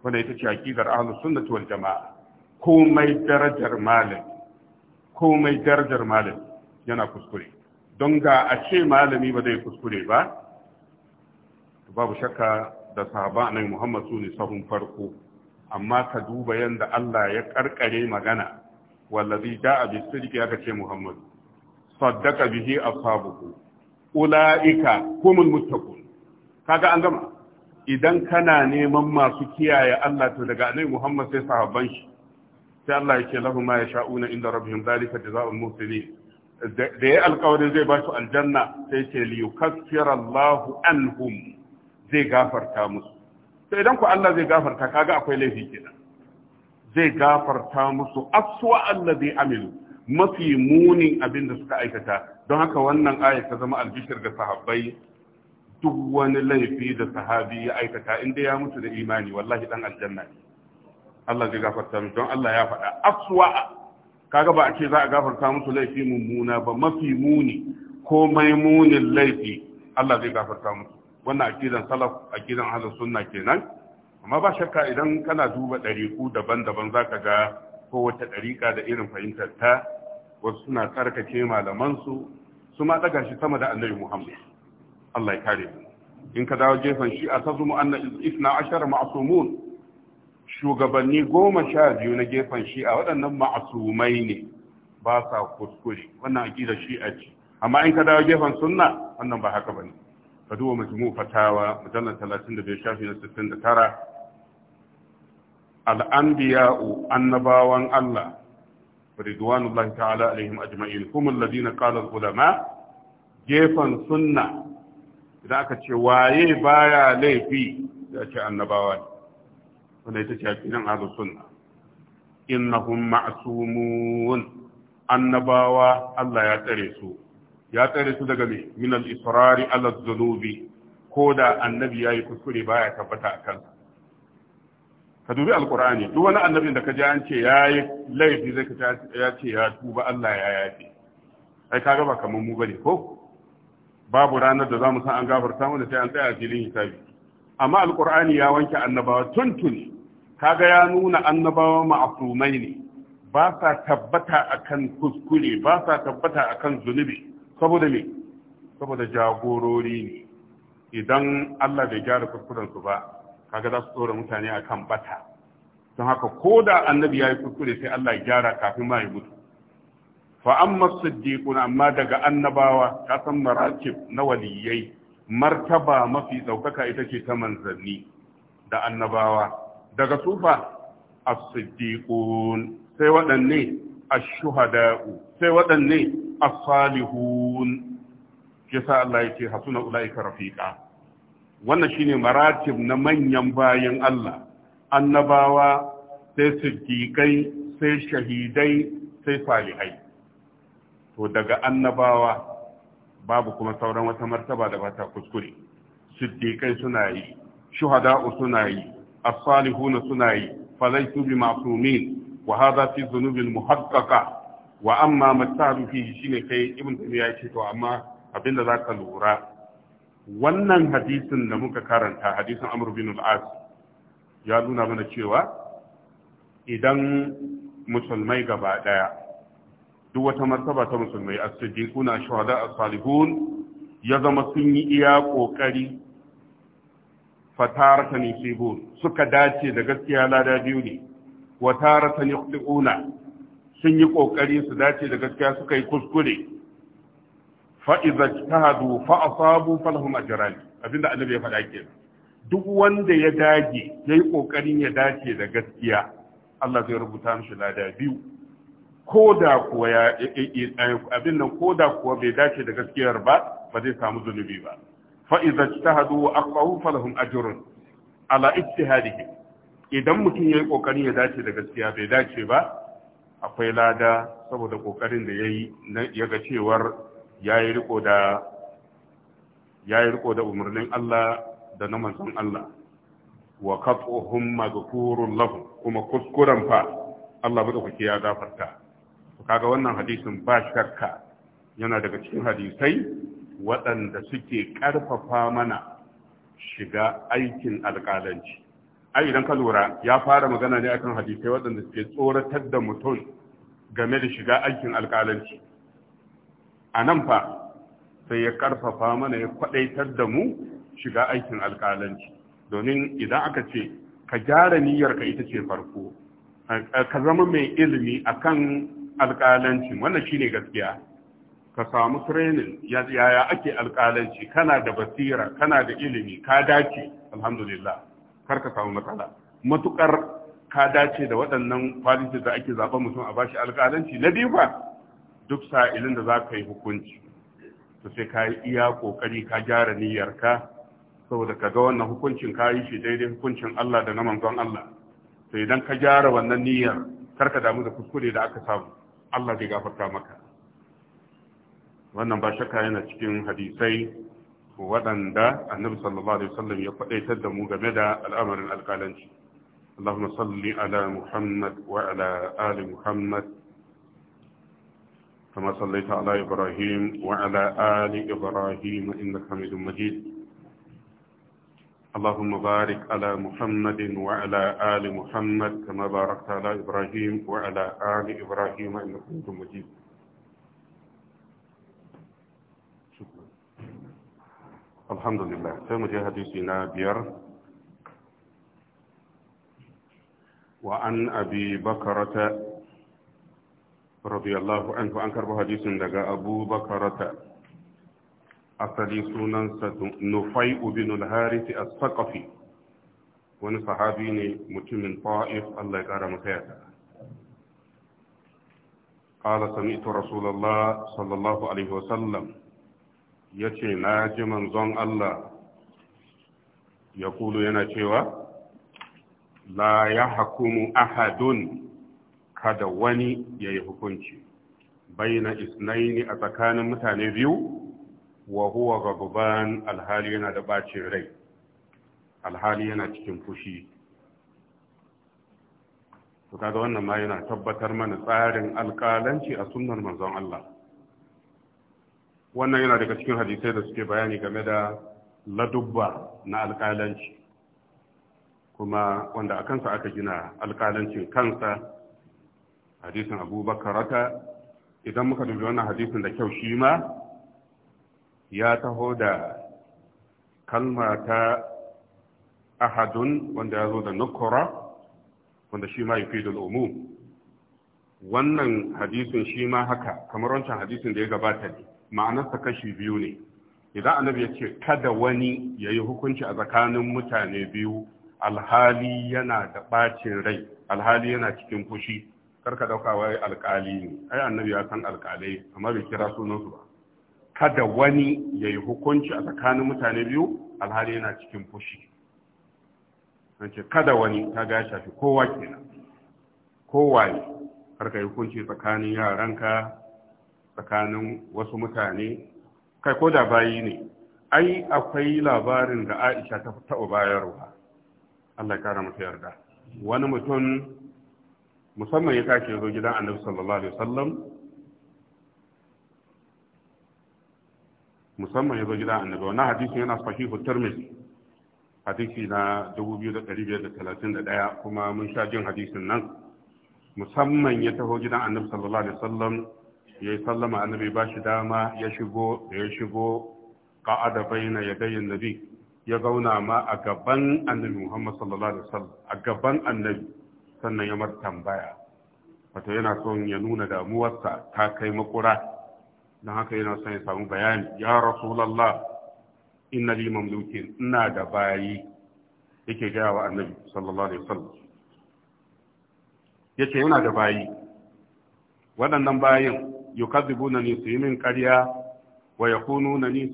wanda ita ce aqidar ahlus sunna wal jamaa komai darajar malam komai darajar malam yana kuskure don ga a ce malami ba zai kuskure ba babu shakka da sahaban annabi Muhammad su ne sahun farko amma ka duba yanda Allah ya karkare magana wallazi da'a bi sidqi aka ce Muhammad saddaqa bihi ashabuhu ulaika humul muttaqun kaga an gama idan kana neman masu kiyaye Allah to daga annabi Muhammad sai sahabban shi sai Allah ya ce lahum ma yasha'una inda rabbihim zalika jazaa'ul muhsinin da ya alkawarin zai ba su aljanna sai ce liyukaffira Allahu anhum zai gafarta musu to idan ku Allah zai gafarta kaga akwai laifi kenan zai gafarta musu aswa allazi amilu mafi munin abin da suka aikata don haka wannan aya ta zama albishir ga sahabbai duk wani laifi da sahabi ya aikata inda ya mutu da imani wallahi dan aljanna Allah zai gafarta musu don Allah ya faɗa aswa kaga ba a ce za a gafarta musu laifi mummuna ba mafi muni ko mai munin laifi Allah zai gafarta musu wannan gidan salaf aqidan ahlus sunna kenan amma ba shakka idan kana duba ɗariƙu daban-daban zaka ga wata ɗariƙa da irin fahimtar ta wasu suna tsarkake malamansu su ma shi sama da annabi Muhammad Allah ya kare in ka dawo gefen shi a tazumu anna isna ashara ma'sumun shugabanni goma sha biyu na gefen shi'a waɗannan ma'asumai ne ba sa kuskure wannan shi a ci. amma in ka dawo gefen sunna wannan ba haka bane ka duba majmu fatawa da 35 shafi na 69 al-anbiya'u annabawan Allah ridwanullahi ta'ala alaihim ajma'in hum alladhina qala al-ulama gefen sunna idan aka ce waye baya laifi ya ce annabawa wanda ita ce aqidan ahlus sunna innahum ma'sumun annabawa Allah ya tsare su ya tsare su daga me min al-israri ala dhunubi ko da annabi yayi kuskure baya tabbata akan. ka dubi alqur'ani duk wani annabin da ka ji an ce yayi laifi zai ka ya ce ya tuba Allah ya yafi. ai kaga ba kamar mu bane ko babu ranar da zamu san an gafarta mu da sai an tsaya a filin hisabi amma alqur'ani ya wanke annabawa tuntuni kaga ya nuna annabawa ma'asumai ne ba sa tabbata akan kuskure ba sa tabbata akan zunubi saboda me saboda jagorori ne idan Allah bai gyara kuskuren su ba kaga za su tsora mutane akan bata don haka ko da annabi ya yi kuskure sai Allah ya gyara kafin ma ya mutu fa amma siddiqun amma daga annabawa ka san maratib na waliyai martaba mafi ɗaukaka ita ce ta manzanni da annabawa daga sufa as-siddiqun sai waɗanne ash-shuhada'u sai waɗanne as-salihun yasa Allah yake hasuna ulaika rafiqa wannan shine maratib na manyan bayan Allah annabawa sai siddiqai sai shahidai sai salihai to daga annabawa babu kuma sauran wata martaba da bata kuskure siddiqai suna yi shuhada'u suna yi as-salihuna suna yi falaysu bi ma'sumin wa hadha fi dhunubil muhaqqaqa wa amma mataru fi shine kai ibn tumiya ya ce to amma abinda zaka lura wannan hadisin da muka karanta hadisin amr bin al-as ya nuna mana cewa idan musulmai gaba daya duk wata martaba ta musulmai as kuna shuhada as-salihun ya zama sun yi iya kokari fatarata ne suka dace da gaskiya lada biyu ne wa tarata ne sun yi kokari su dace da gaskiya suka yi kuskure fa'iza tahadu fa asabu falahum ajran abinda annabi ya faɗa ke duk wanda ya dage yayi kokarin ya dace da gaskiya Allah zai rubuta mishi lada biyu Koda kuwa ya eh, abin nan koda kuwa bai dace da gaskiyar ba ba zai samu zunubi ba fa idza ijtahadu wa aqahu falahum ajrun ala ijtihadihim idan mutum yayi kokari ya dace da gaskiya bai dace ba akwai lada saboda kokarin da yayi ya ga cewar yayi riko da yayi riko da umarnin Allah da na manzon Allah wa qat'uhum maghfurun lahum kuma kuskuren fa Allah kuke ya gafarta kaga wannan hadisin ba shakka yana daga cikin hadisai waɗanda suke ƙarfafa mana shiga aikin alƙalanci ai idan ka lura ya fara magana ne akan hadisai waɗanda suke tsoratar da mutum game da shiga aikin alƙalanci a nan fa sai ya ƙarfafa mana ya kwaɗaitar da mu shiga aikin alƙalanci domin idan aka ce ka gyara niyyarka ita ce farko ka zama mai ilimi akan alƙalancin wannan shine gaskiya ka samu training yaya ake alƙalanci kana da basira kana da ilimi ka dace alhamdulillah kar ka samu matsala matukar ka dace da waɗannan kwaliti da ake zaɓen mutum a bashi alƙalanci na biyu ba duk sa'ilin da za ka yi hukunci to sai ka yi iya ƙoƙari ka gyara niyyarka saboda ka ga wannan hukuncin ka yi shi daidai hukuncin Allah da na manzon Allah to idan ka gyara wannan niyyar kar ka damu da kuskure da aka samu Allah zai gafarta maka wannan ba shakka yana cikin hadisai waɗanda annabi sallallahu alaihi wasallam ya faɗaitar da mu game da al'amarin alƙalanci ala Muhammad على محمد وعلى آل محمد كما صليت Ibrahim إبراهيم وعلى آل إبراهيم inda حميد مجيد اللهم بارك على محمد وعلى آل محمد كما باركت على إبراهيم وعلى آل إبراهيم إنك كنت مجيد شكرا الحمد لله سيما جاء حديثنا بير وعن أبي بكرة رضي الله عنه أنكر حديث لك أبو بكرة asali sunansa nufai ubinul harisi a sakafi. wani sahabi ne mutumin ta'if Allah ya ƙara masa yata ƙala sami'tu rasulallah sallallahu alaihi wasallam ya ce na ji manzon Allah ya kulu yana cewa la ya hakumu ahadun kada wani ya yi hukunci bai na isnaini a tsakanin mutane biyu wa huwa ghadban alhali yana da bacin rai alhali yana cikin fushi to kaga wannan ma yana tabbatar mana tsarin alƙalanci a sunnar manzon Allah wannan yana daga cikin hadisai da suke bayani game da ladubba na alƙalanci kuma wanda a kansa aka gina alƙalancin kansa hadisin abubakarata idan muka dubi wannan hadisin da kyau shi ma ya taho da kalma ta ahadun wanda ya zo da nukura wanda shi ma da umum wannan hadisin shi ma haka kamar wancan hadisin da ya gabata ne ma'anarsa kashi biyu ne idan annabi ya ce kada wani ya yi hukunci a tsakanin mutane biyu alhali yana da ɓacin rai alhali yana cikin fushi karka ɗauka wai alƙali ne ai annabi ya san alƙalai, amma bai kira sunansu ba kada wani ya yi hukunci a tsakanin mutane biyu alhari yana cikin fushi sanke kada wani ta ga shafi kowa kenan kowa ne har ka yi hukunci tsakanin yaranka tsakanin wasu mutane kai ko da bayi ne ai akwai labarin da aisha ta taɓa bayarwa allah ya kara mata yarda wani mutum musamman ya tashi ya zo gidan annabi sallallahu alaihi wasallam musamman ya zo gidan annabi wannan hadisin yana sahihu tirmidhi hadisi na 2531 kuma mun sha jin hadisin nan musamman ya taho gidan annabi sallallahu alaihi wasallam yayi sallama annabi ba shi dama ya shigo da ya shigo qa'ada baina yaday annabi ya zauna ma a gaban annabi Muhammad sallallahu alaihi wasallam a gaban annabi sannan ya mar tambaya wato yana son ya nuna damuwarsa ta kai makura don haka yana son ya samu bayani ya rasulallah inna li mamlukin ina da bayi yake gaya wa annabi sallallahu alaihi wasallam yace yana da bayi waɗannan bayin yukadzibuna ni su yi min ƙarya wa yakununa ni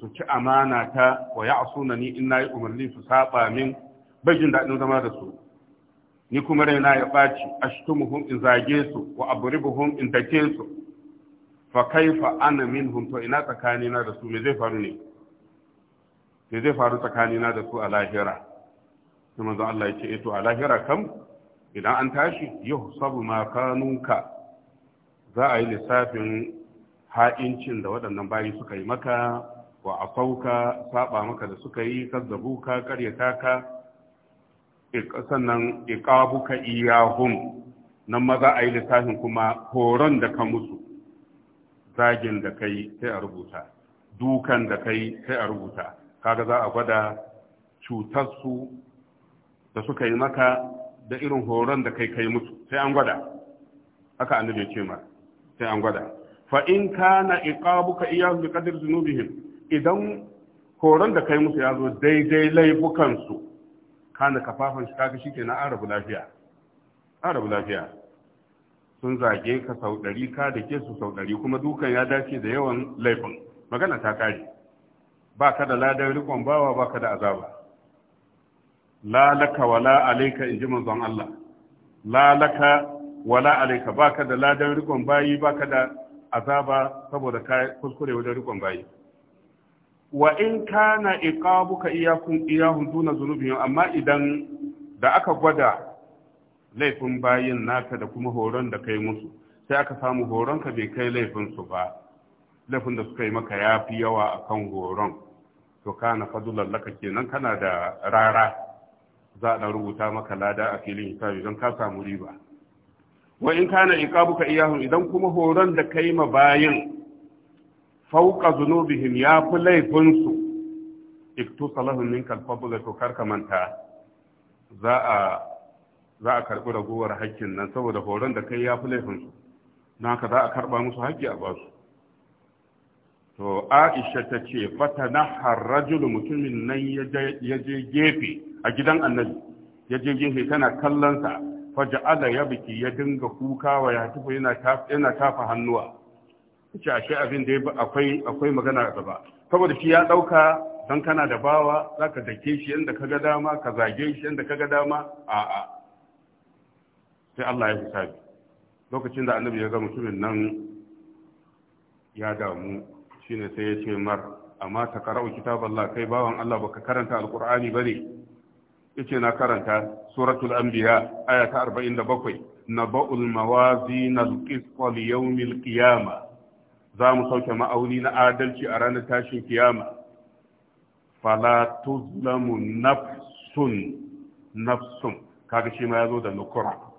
su ci amana ta wa ya'suna ni inna yi umarni su saba min bai jin daɗin zama da su ni kuma raina ya ɓaci ashtumuhum in zage su wa abribuhum in take su fa kaifa ana minhum to ina tsakanina da su me zai faru ne me zai faru tsakanina da su a lahira sai manzo Allah ya ce eh, to a lahira kam idan an tashi yau ma kanunka za a yi lissafin ha'incin da waɗannan bayi suka yi maka wa a sauka saba maka da suka yi kazzabu ka karyata ka sannan iqabuka iyahum nan ma za a yi lissafin kuma horon da ka musu zagin da kai sai a rubuta dukan da kai sai a rubuta kaga za a gwada cutarsu da suka yi maka da irin horon da kai kai musu sai an gwada haka annabi ce ma sai an gwada fa in kana iqabuka iyyahu bi qadri dhunubihim idan horon da kai musu ya zo daidai laifukan su kana kafafan shi kaga shikenan arabu lafiya arabu lafiya sun zage ka sau ɗari ka da ke su sau ɗari kuma dukan ya dace da yawan laifin magana ta kare ba ka da ladan rikon bawa ba ka da azaba lalaka wala alaika in ji manzon Allah lalaka wala alaika ba ka da ladan rikon bayi ba ka da azaba saboda ka kuskure wajen rikon bayi wa in kana iqabuka iyakun iyahun duna zunubihim amma idan da aka gwada laifin bayin naka da kuma horon da kai musu sai aka samu horon ka bai kai laifin su ba laifin da suka yi maka ya fi yawa a kan horon to kana fadular laka kenan kana da rara za a rubuta maka lada a filin hisabi don ka samu riba wa in kana iqabuka iyahum idan kuma horon da kai ma bayin fauqa zunubihim ya fi laifin su iktu salahu minkal fadla to manta za a za a karɓi ragowar hakkin nan saboda horon da kai ya fi laifinsu na ka za a karɓa musu haƙƙi a basu to aisha ta ce fata na harajulu mutumin nan ya je gefe a gidan annabi ya je gefe tana kallonsa faja ala ya biki ya dinga kuka wa ya tufa yana tafa hannuwa ce ashe abin da akwai akwai magana a gaba saboda shi ya ɗauka don kana da bawa za dake shi yadda ka dama ka zage shi yadda ka ga dama a'a sai Allah ya hisabi lokacin da annabi ya ga mutumin nan ya damu shine sai ya ce mar amma ta karau kitab Allah kai bawan Allah baka karanta Alkur'ani alqur'ani bane yace na karanta suratul anbiya aya ta 47 naba'ul mawazin alqist li yawmil qiyamah za mu sauke ma'auni na adalci a ranar tashin kiyama fala tuzlamu nafsun nafsun kaga shi ma zo da nukura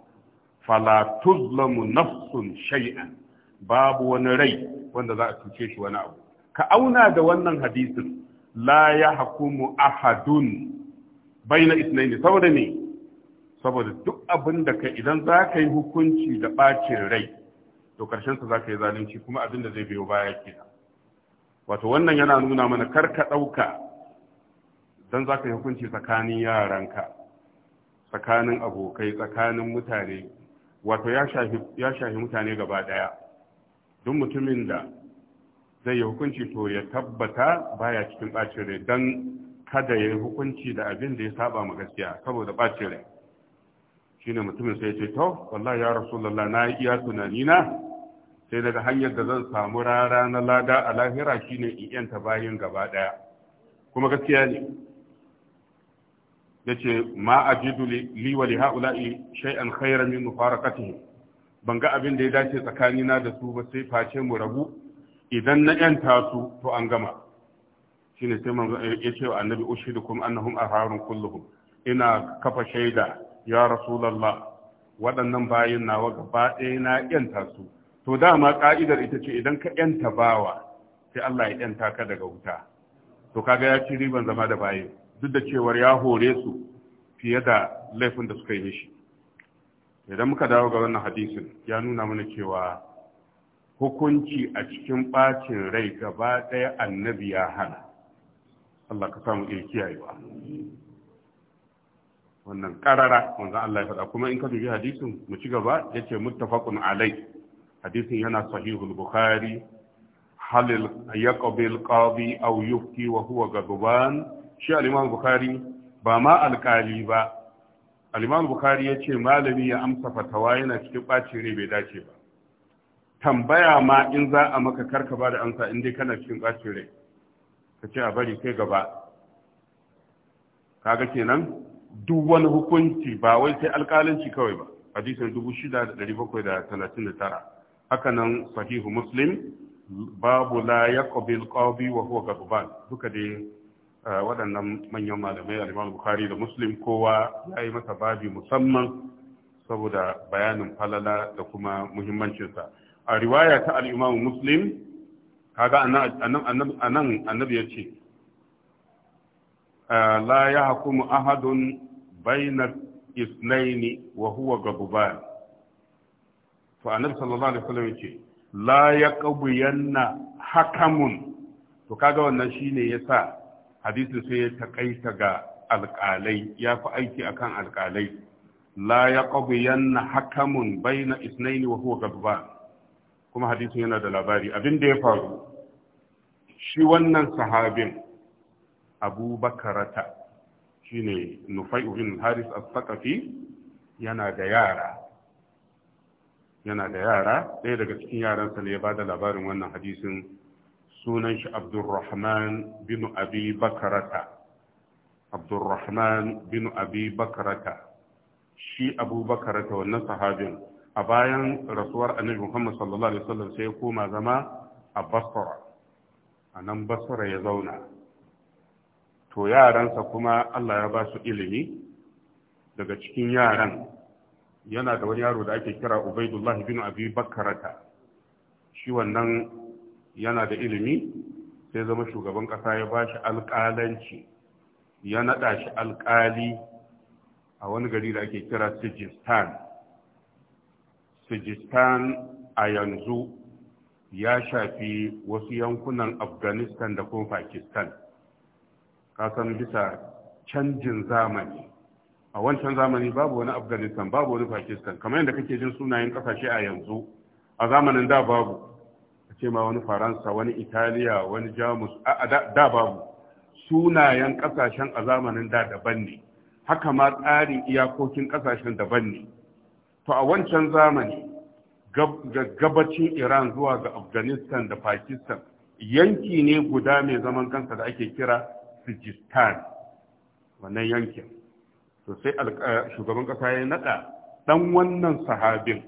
fala tuzlamu nafsun shay'an babu wani rai wanda za a cuce shi wani abu ka auna da wannan hadisin la ya hakumu ahadun baina isnaini saboda ne saboda duk abin da ka idan za ka yi hukunci da bacin rai to karshen sa za ka yi zalunci kuma abin da zai biyo baya kenan wato wannan yana nuna mana kar ka ɗauka don za ka yi hukunci tsakanin yaranka tsakanin abokai tsakanin mutane wato ya shafi mutane gaba daya duk mutumin da zai yi hukunci to ya tabbata baya cikin bacin rai don kada ya yi hukunci da abin da ya saba ma gaskiya saboda bacin rai shine mutumin sai ya ce to wallahi ya rasulullah na yi iya tunanina sai daga hanyar da zan samu rara na lada a lahira shine in yanta bayin gaba daya kuma gaskiya ne yace ma ajidu li wa li haula'i shay'an khayran min mufaraqatihim ban ga abin da ya dace tsakani na da su ba sai face mu rabu idan na yanta su to an gama shine sai manzo ya ce wa annabi ushidukum annahum aharun kulluhum ina kafa shaida ya rasulullah waɗannan bayin nawa gaba ɗaya na yanta su to dama ka'idar ita ce idan ka yanta bawa sai Allah ya yanta ka daga wuta to kaga ya ci riban zama da bayin duk da cewar ya hore su fiye da laifin da suka yi mishi idan muka dawo ga wannan hadisin ya nuna mana cewa hukunci a cikin bacin rai gaba ɗaya annabi ya hana Allah ka samu iya kiyayewa wannan karara wanda Allah ya faɗa kuma in ka dubi hadisin mu ci gaba yace muttafaqun alai hadisin yana sahihul bukhari halil yaqbil qadi aw yufti wa huwa gadban shi al Bukhari ba ma alkali ba al-Imam Bukhari yace malami ya amsa fatawa yana cikin bacin rai bai dace ba tambaya ma in za a maka karka ba da amsa in dai kana cikin bacin rai Ka ce a bari kai gaba kaga kenan duk wani hukunci ba wai sai alkalanci kawai ba hadisin 6739 haka nan sahihu muslim babu la yaqbil qabi wa huwa ghadban duka dai Eh, waɗannan manyan malamai al-Imam Bukhari da Muslim kowa ya yi masa babi musamman saboda bayanin falala da kuma muhimmancinsa a riwaya ta al-Imam Muslim kaga anan annabi ya ce eh, la ya yahkumu ahadun bayna isnaini wa huwa gabuban to annabi sallallahu alaihi wasallam ya ce la yaqbiyanna hakamun to kaga wannan shine yasa hadisin sai ya takaita ga alƙalai ya fi aiki akan alƙalai la ya yanna hakamun baina isnaini wa huwa gabba kuma hadisin yana da labari abin da ya faru shi wannan sahabin abubakarata shine nufai ubin haris al saqafi yana da yara yana da yara ɗaya daga cikin yaransa ne ya ba da labarin wannan hadisin sunan shi abdurrahman bin abi bakarata abdurrahman bin abi bakarata shi abu bakarata wannan sahabin a bayan rasuwar annabi muhammad sallallahu alaihi wasallam sai ya koma zama a basra a nan basra ya zauna to yaransa kuma allah ya ba su ilimi daga cikin yaran yana da wani yaro da ake kira ubaidullah bin abi bakarata shi wannan yana da ilimi sai zama shugaban ƙasa ya ba shi alƙalanci ya naɗa shi alƙali a wani gari da ake kira sijistan sijistan a yanzu ya shafi wasu yankunan afghanistan da kuma pakistan kasan bisa canjin zamani a wancan zamani babu wani afghanistan babu wani pakistan kamar yadda kake jin sunayen kasashe a yanzu a zamanin da babu ce ma wani faransa wani italiya wani jamus A'a da babu sunayen kasashen a zamanin da daban ne haka ma tsarin iyakokin kasashen daban ne to a wancan zamani gabacin iran zuwa ga afghanistan da pakistan yanki ne guda mai zaman kansa da ake kira sijistan wannan yankin to sai shugaban kasa ya nada dan wannan sahabin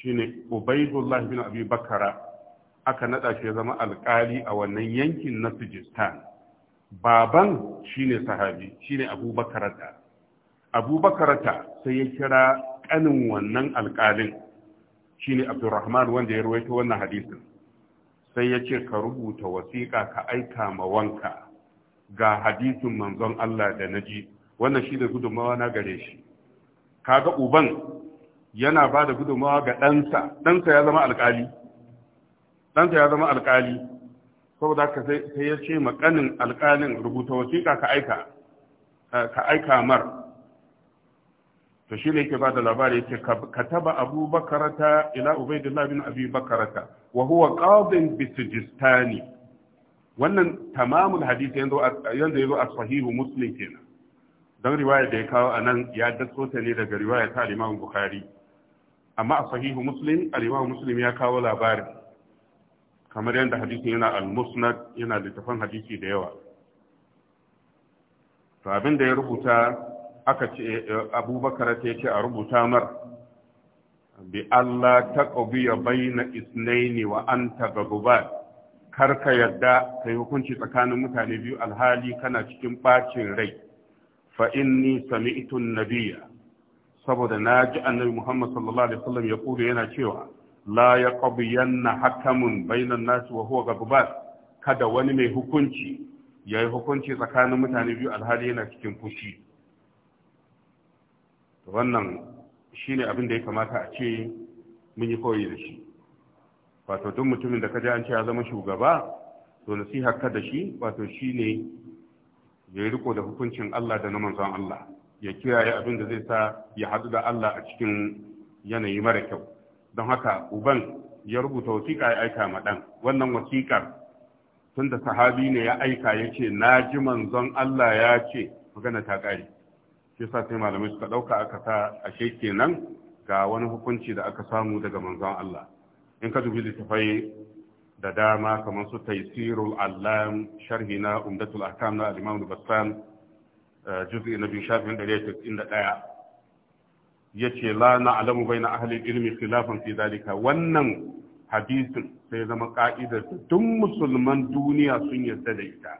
shine ubaidullah bin abi bakara aka naɗa shi ya zama alƙali a wannan yankin na Sijistan. Baban shine sahabi, shine Abubakarata. Abubakarata sai ya kira ƙanin wannan alƙalin shine Abdulrahman wanda ya ruwaito wannan hadisin. Sai ya ce ka rubuta wasiƙa ka aika ma wanka ga hadisin manzon Allah da naji wannan shi da gudunmawa na gare shi. Kaga uban yana ba da gudunmawa ga ɗansa, ɗansa ya zama alƙali. ɗansa ya zama alkali saboda haka sai ya ce maƙanin alƙalin rubuta wasiƙa ka aika ka aika mar to shi ne yake ba da labari yake ka taba abu bakarata ila ubaidu labin abu bakarata wa huwa qadin bi wannan tamamul hadisi yanzu ya yazo a sahihu muslim kenan Don riwaya da ya kawo a nan ya dasko ta ne daga riwaya ta al bukhari amma a sahihu muslim al ya kawo labarin kamar yadda hadisin yana al-musnad yana littafan hadisi da yawa to abin da ya rubuta aka ce abubakar ta ce a rubuta mar bi Allah ta ya bayna isnaini wa an tagagubat kar ka yadda yi hukunci tsakanin mutane biyu alhali kana cikin ɓacin rai fa inni sami'tu nabiyya saboda na ji annabi Muhammad sallallahu alaihi wasallam ya kula yana cewa la yaqdiyanna hakamun bainan nasu wa huwa ghadban kada wani mai hukunci yayi hukunci tsakanin mutane biyu alhali yana cikin fushi wannan shine abin da ya kamata a ce mun yi koyi da shi wato duk mutumin da kaje an ce ya zama shugaba to nasiha ka da shi wato shine ya yi riko da hukuncin Allah da na manzon Allah ya kiyaye abin da zai sa ya haɗu da Allah a cikin yanayi mara kyau don haka uban ya rubuta wasiƙa ya aika ma ɗan wannan wasiƙar tunda sahabi ne ya aika ya ce na ji manzon Allah ya ce magana ta ƙare shi sa sai malamai suka ɗauka aka sa ashe kenan ga wani hukunci da aka samu daga manzon Allah in ka dubi littafai da dama kamar su taisirul allam sharhi na umdatul akam na al-imam bassan eh, juz'i na biyu shafin 191 yace la na bai baina ahalin ilmi khilafan fi dalika wannan hadisin sai zama ka'idar duk musulman duniya sun yarda da ita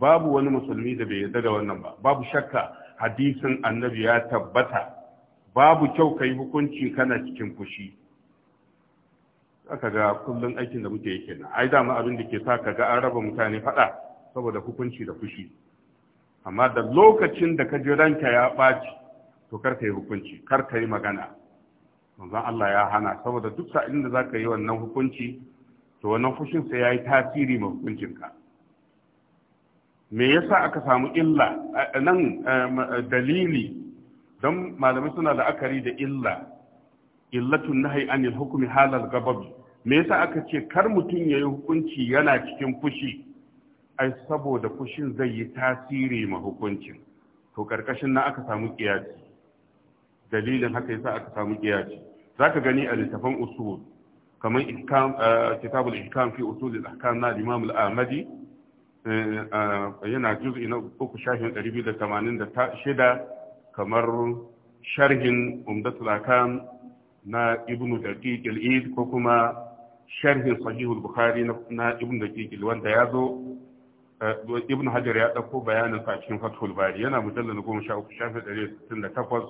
babu wani musulmi da bai yarda da wannan ba babu shakka hadisin annabi ya tabbata babu kyau kai hukunci kana cikin fushi aka ga kullun aikin da muke yake na ai dama abin da ke sa ka ga an raba mutane faɗa saboda hukunci da fushi amma da lokacin da ka ji ranka ya ɓaci to kar ka yi hukunci kar ka yi magana manzon Allah ya hana saboda duk sa'in da zaka yi wannan hukunci to wannan fushin sai yayi tasiri ma hukuncinka me yasa aka samu illa nan dalili don malamai suna la'akari da illa illatun nahi anil hukumi halal gababi me yasa aka ce kar mutum yayi hukunci yana cikin fushi ai saboda fushin zai yi tasiri ma hukuncin to karkashin nan aka samu kiyasi dalilin haka yasa aka samu kiyaci zaka gani a littafan usul kamar ihkam eh, kitabul ihkam fi usul al ahkam na imam al ahmadi eh, eh, yana juz'i na uku shafin 286 kamar sharhin umdatul ahkam na ibnu daqiq al id ko kuma sharhin al bukhari na ibnu daqiq wanda ya zo ibn hajar ya ɗauko bayanin sa cikin fathul bari yana mujallar goma sha uku shafi ɗari sittin da takwas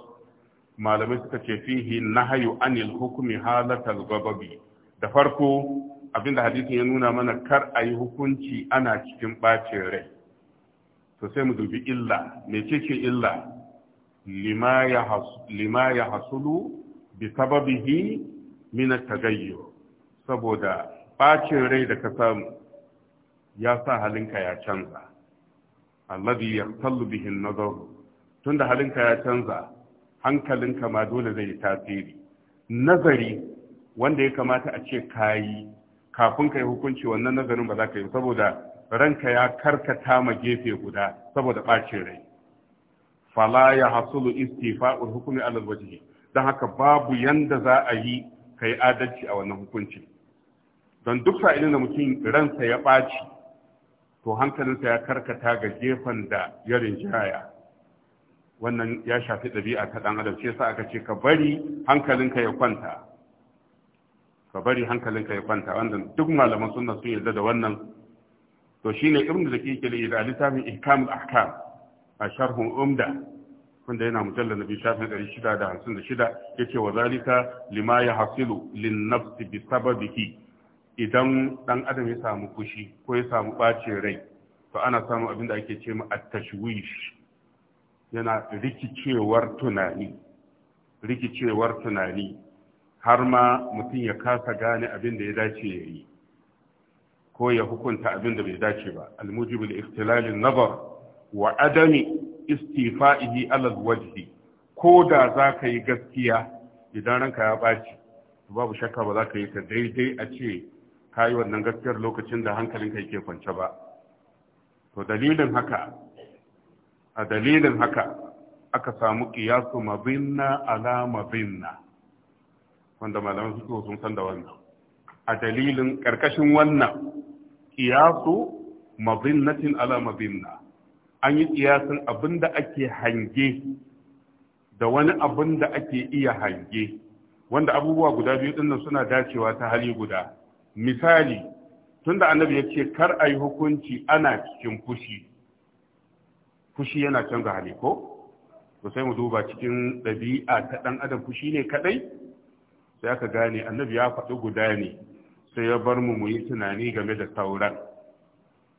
malamai suka ce fihi nahayu anil hukmi halatal ghadabi da farko abinda hadisin ya nuna mana kar a yi hukunci ana cikin bacin rai to sai mu dubi illa ce illa lima ya hasulu bi sababihi min tagayyu saboda bacin rai da ka samu ya sa halinka ya canza alladhi yaqtallu bihi an-nazar tunda halinka ya canza hankalinka ma dole zai tasiri nazari wanda ya kamata a ce kayi kafin ka yi hukunci wannan nazarin ba za ka yi saboda ranka ya karkata ma gefe guda saboda ɓacin rai fala ya hasulu istifa'u hukumi alal wajhi Dan haka babu yanda za a yi ka adalci a wannan hukunci. don duk sa'ilin da mutum ransa ya ɓaci to hankalinsa ya karkata ga gefen da ya rinjaya wannan ya shafi ɗabi'a ta ɗan adam shi yasa aka ce ka bari hankalinka ya kwanta ka bari hankalinka ya kwanta wanda duk malaman sunna sun yarda da wannan to shine ibnu zaki ke da littafin ihkamul ahkam a sharhun umda wanda yana mujallar nabi shafin 656 yake wa zalika lima ya hasilu lin nafsi bi sababihi idan dan adam ya samu kushi ko ya samu bacin rai to ana samu abin da ake ce ma at-tashwish yana rikicewar tunani rikicewar tunani har ma mutum ya kasa gane abin da ya dace ya yi ko ya hukunta abin da bai dace ba almujibul ikhtilalin nazar wa adami istifa'ihi alal wajhi ko da za ka yi gaskiya idan ranka ya ɓaci babu shakka ba za ka yi ta daidai a ce ka yi wannan gaskiyar lokacin da hankalinka yake kwance ba to dalilin haka a dalilin haka aka samu kiyasu mabinna ala mabinna wanda malaman su sun san da wannan a dalilin karkashin wannan kiyasu mazinnatin ala mabinna an yi kiyasin abinda ake hange da wani abinda ake iya hange wanda abubuwa guda biyu dinnan suna dacewa ta hali guda misali tunda annabi ya ce kar a yi hukunci ana cikin fushi fushi yana canza hali ko sai mu duba cikin ɗabi'a ta ɗan adam fushi ne kaɗai sai aka gane annabi ya faɗi guda ne sai ya bar mu muyi tunani game da sauran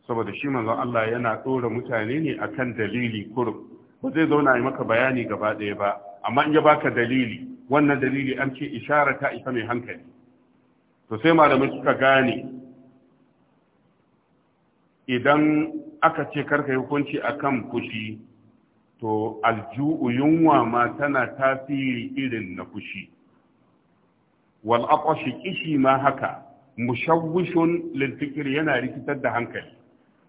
saboda shi manzon Allah yana ɗora mutane ne akan dalili kurum ba zai zauna yi maka bayani gaba ɗaya ba amma in ya baka dalili wannan dalili an ce ishara ta isa mai hankali to sai malamai suka gane idan aka ce karka yi hukunci kan fushi to alju'u yunwa ma tana tasiri irin na fushi wal aqashi kishi ma haka mushawwishun lil yana rikitar da hankali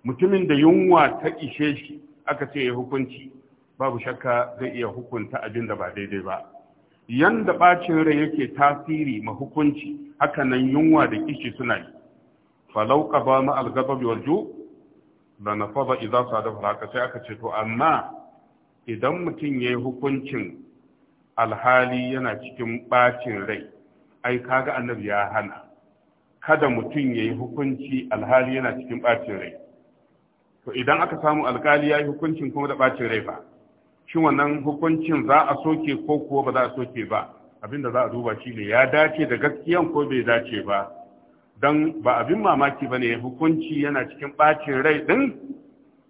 mutumin da yunwa ta ishe shi aka ce ya hukunci babu shakka zai iya hukunta abin da ba daidai ba yanda bacin rai yake tasiri ma hukunci haka yunwa da kishi suna yi falau ba ma al-ghadab wal ju' da na faɗa idan sadafa haka sai aka ce to amma idan mutum ya yi hukuncin alhali yana cikin bacin rai ai kaga annabi ya hana kada mutum ya yi hukunci alhali yana cikin bacin rai to idan aka samu alkali ya yi hukuncin kuma da bacin rai ba shi wannan hukuncin za a soke ko kuwa ba za a soke ba abinda za a duba shi ne ya dace da gaskiyan ko bai dace ba don ba abin mamaki ba ne hukunci yana cikin ɓacin rai ɗin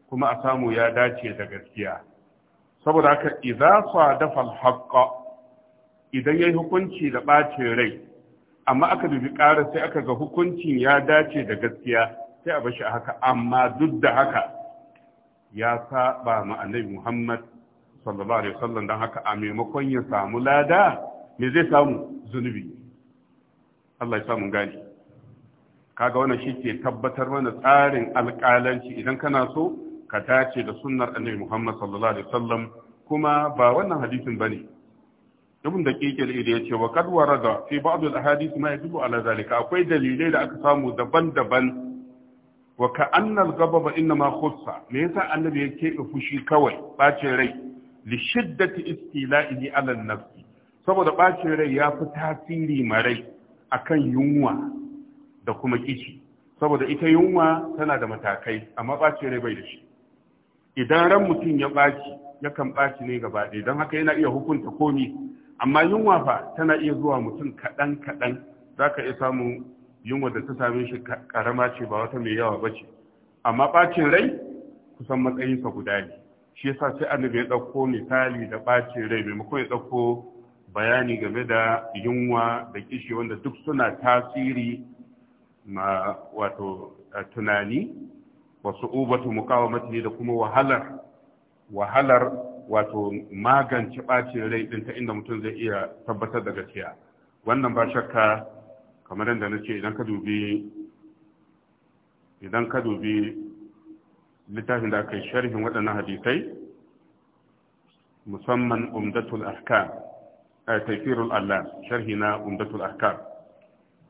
kuma a samu ya dace da gaskiya saboda haka idza sadafa dafa haƙƙa, idan yayi hukunci da ɓacin rai amma aka dubi ƙara sai aka ga hukuncin ya dace da gaskiya sai a bashi haka amma duk da haka ya saba ma annabi Muhammad sallallahu alaihi wasallam dan haka a maimakon ya samu lada me zai samu zunubi Allah ya samu gani kaga wannan shi ke tabbatar mana tsarin alƙalanci idan kana so ka dace da sunnar annabi Muhammad sallallahu alaihi wasallam kuma ba wannan hadisin bane ibn daqiq al yace wa kad warada fi ba'd al-ahadith ma yadullu ala zalika akwai dalilai da aka samu daban-daban wa ka annal ghadaba inma khussa me yasa annabi ya keɓe fushi kawai bacin rai li shiddati istila'ihi ala an-nafs saboda ɓacin rai ya fi tasiri marai akan yunwa da kuma kici saboda ita yunwa tana da matakai amma ɓaci ne bai da shi idan ran mutum ya ɓaci yakan ɓaci ne gaba ɗaya don haka yana iya hukunta komi amma yunwa fa tana iya zuwa mutum kaɗan kaɗan za ka iya samun yunwa da ta same shi ƙarama ce ba wata mai yawa ba ce amma ɓacin rai kusan matsayinsa guda ne shi yasa sai annabi ya ɗauko misali da ɓacin rai maimakon ya ɗauko bayani game da yunwa da kishi wanda duk suna tasiri ma wato tunani wasu ubatu mukawamati da kuma wahalar wahalar wato magance ɓaci rai ɗin ta inda mutum zai iya tabbatar da gaskiya wannan ba shakka kamar yadda na ce idan ka dubi idan ka dubi littafin da aka yi sharhin waɗannan hadisai musamman umdatul ahkam a eh, tafirul allah sharhi na umdatul ahkam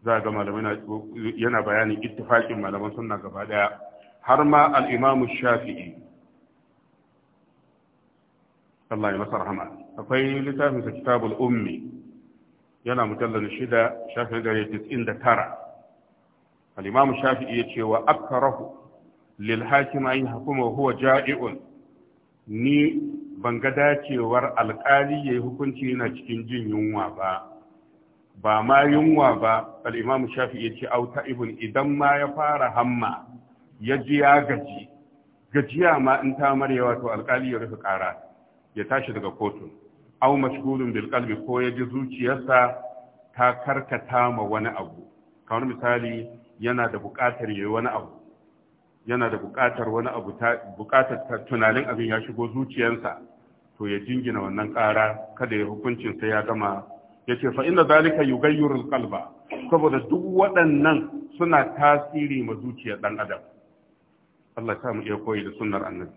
za ga malamai yana bayanin ittifaqin malaman sunna gaba daya har ma al-imam shafi'i Allah ya masa rahama akwai littafin sa kitabul ummi yana mujallal shida shafi'i da 99 al-imam shafi'i yace wa akrahu lil hakim ay hukuma huwa ja'iun ni ban ga dacewar alƙali yayi hukunci yana cikin jin yunwa ba ba ma yunwa ba al'imamu shafi ya ce auta ibn idan ma ya fara hamma ya ji ya gaji gajiya ma in ta maryawa to alkali ya rufe ƙara ya tashi daga kotun au mashgulun bil qalbi ko ya ji zuciyarsa ta karkata ma wani abu kamar misali yana da buƙatar yayi wani abu yana da buƙatar wani abu ta buƙatar tunanin abin ya shigo zuciyarsa to ya jingina wannan ƙara kada ya hukuncin sai ya gama yace fa inna zalika yughayyiru kalba. saboda duk waɗannan suna tasiri ma zuciyar dan adam Allah ta mu iya koyi da sunnar annabi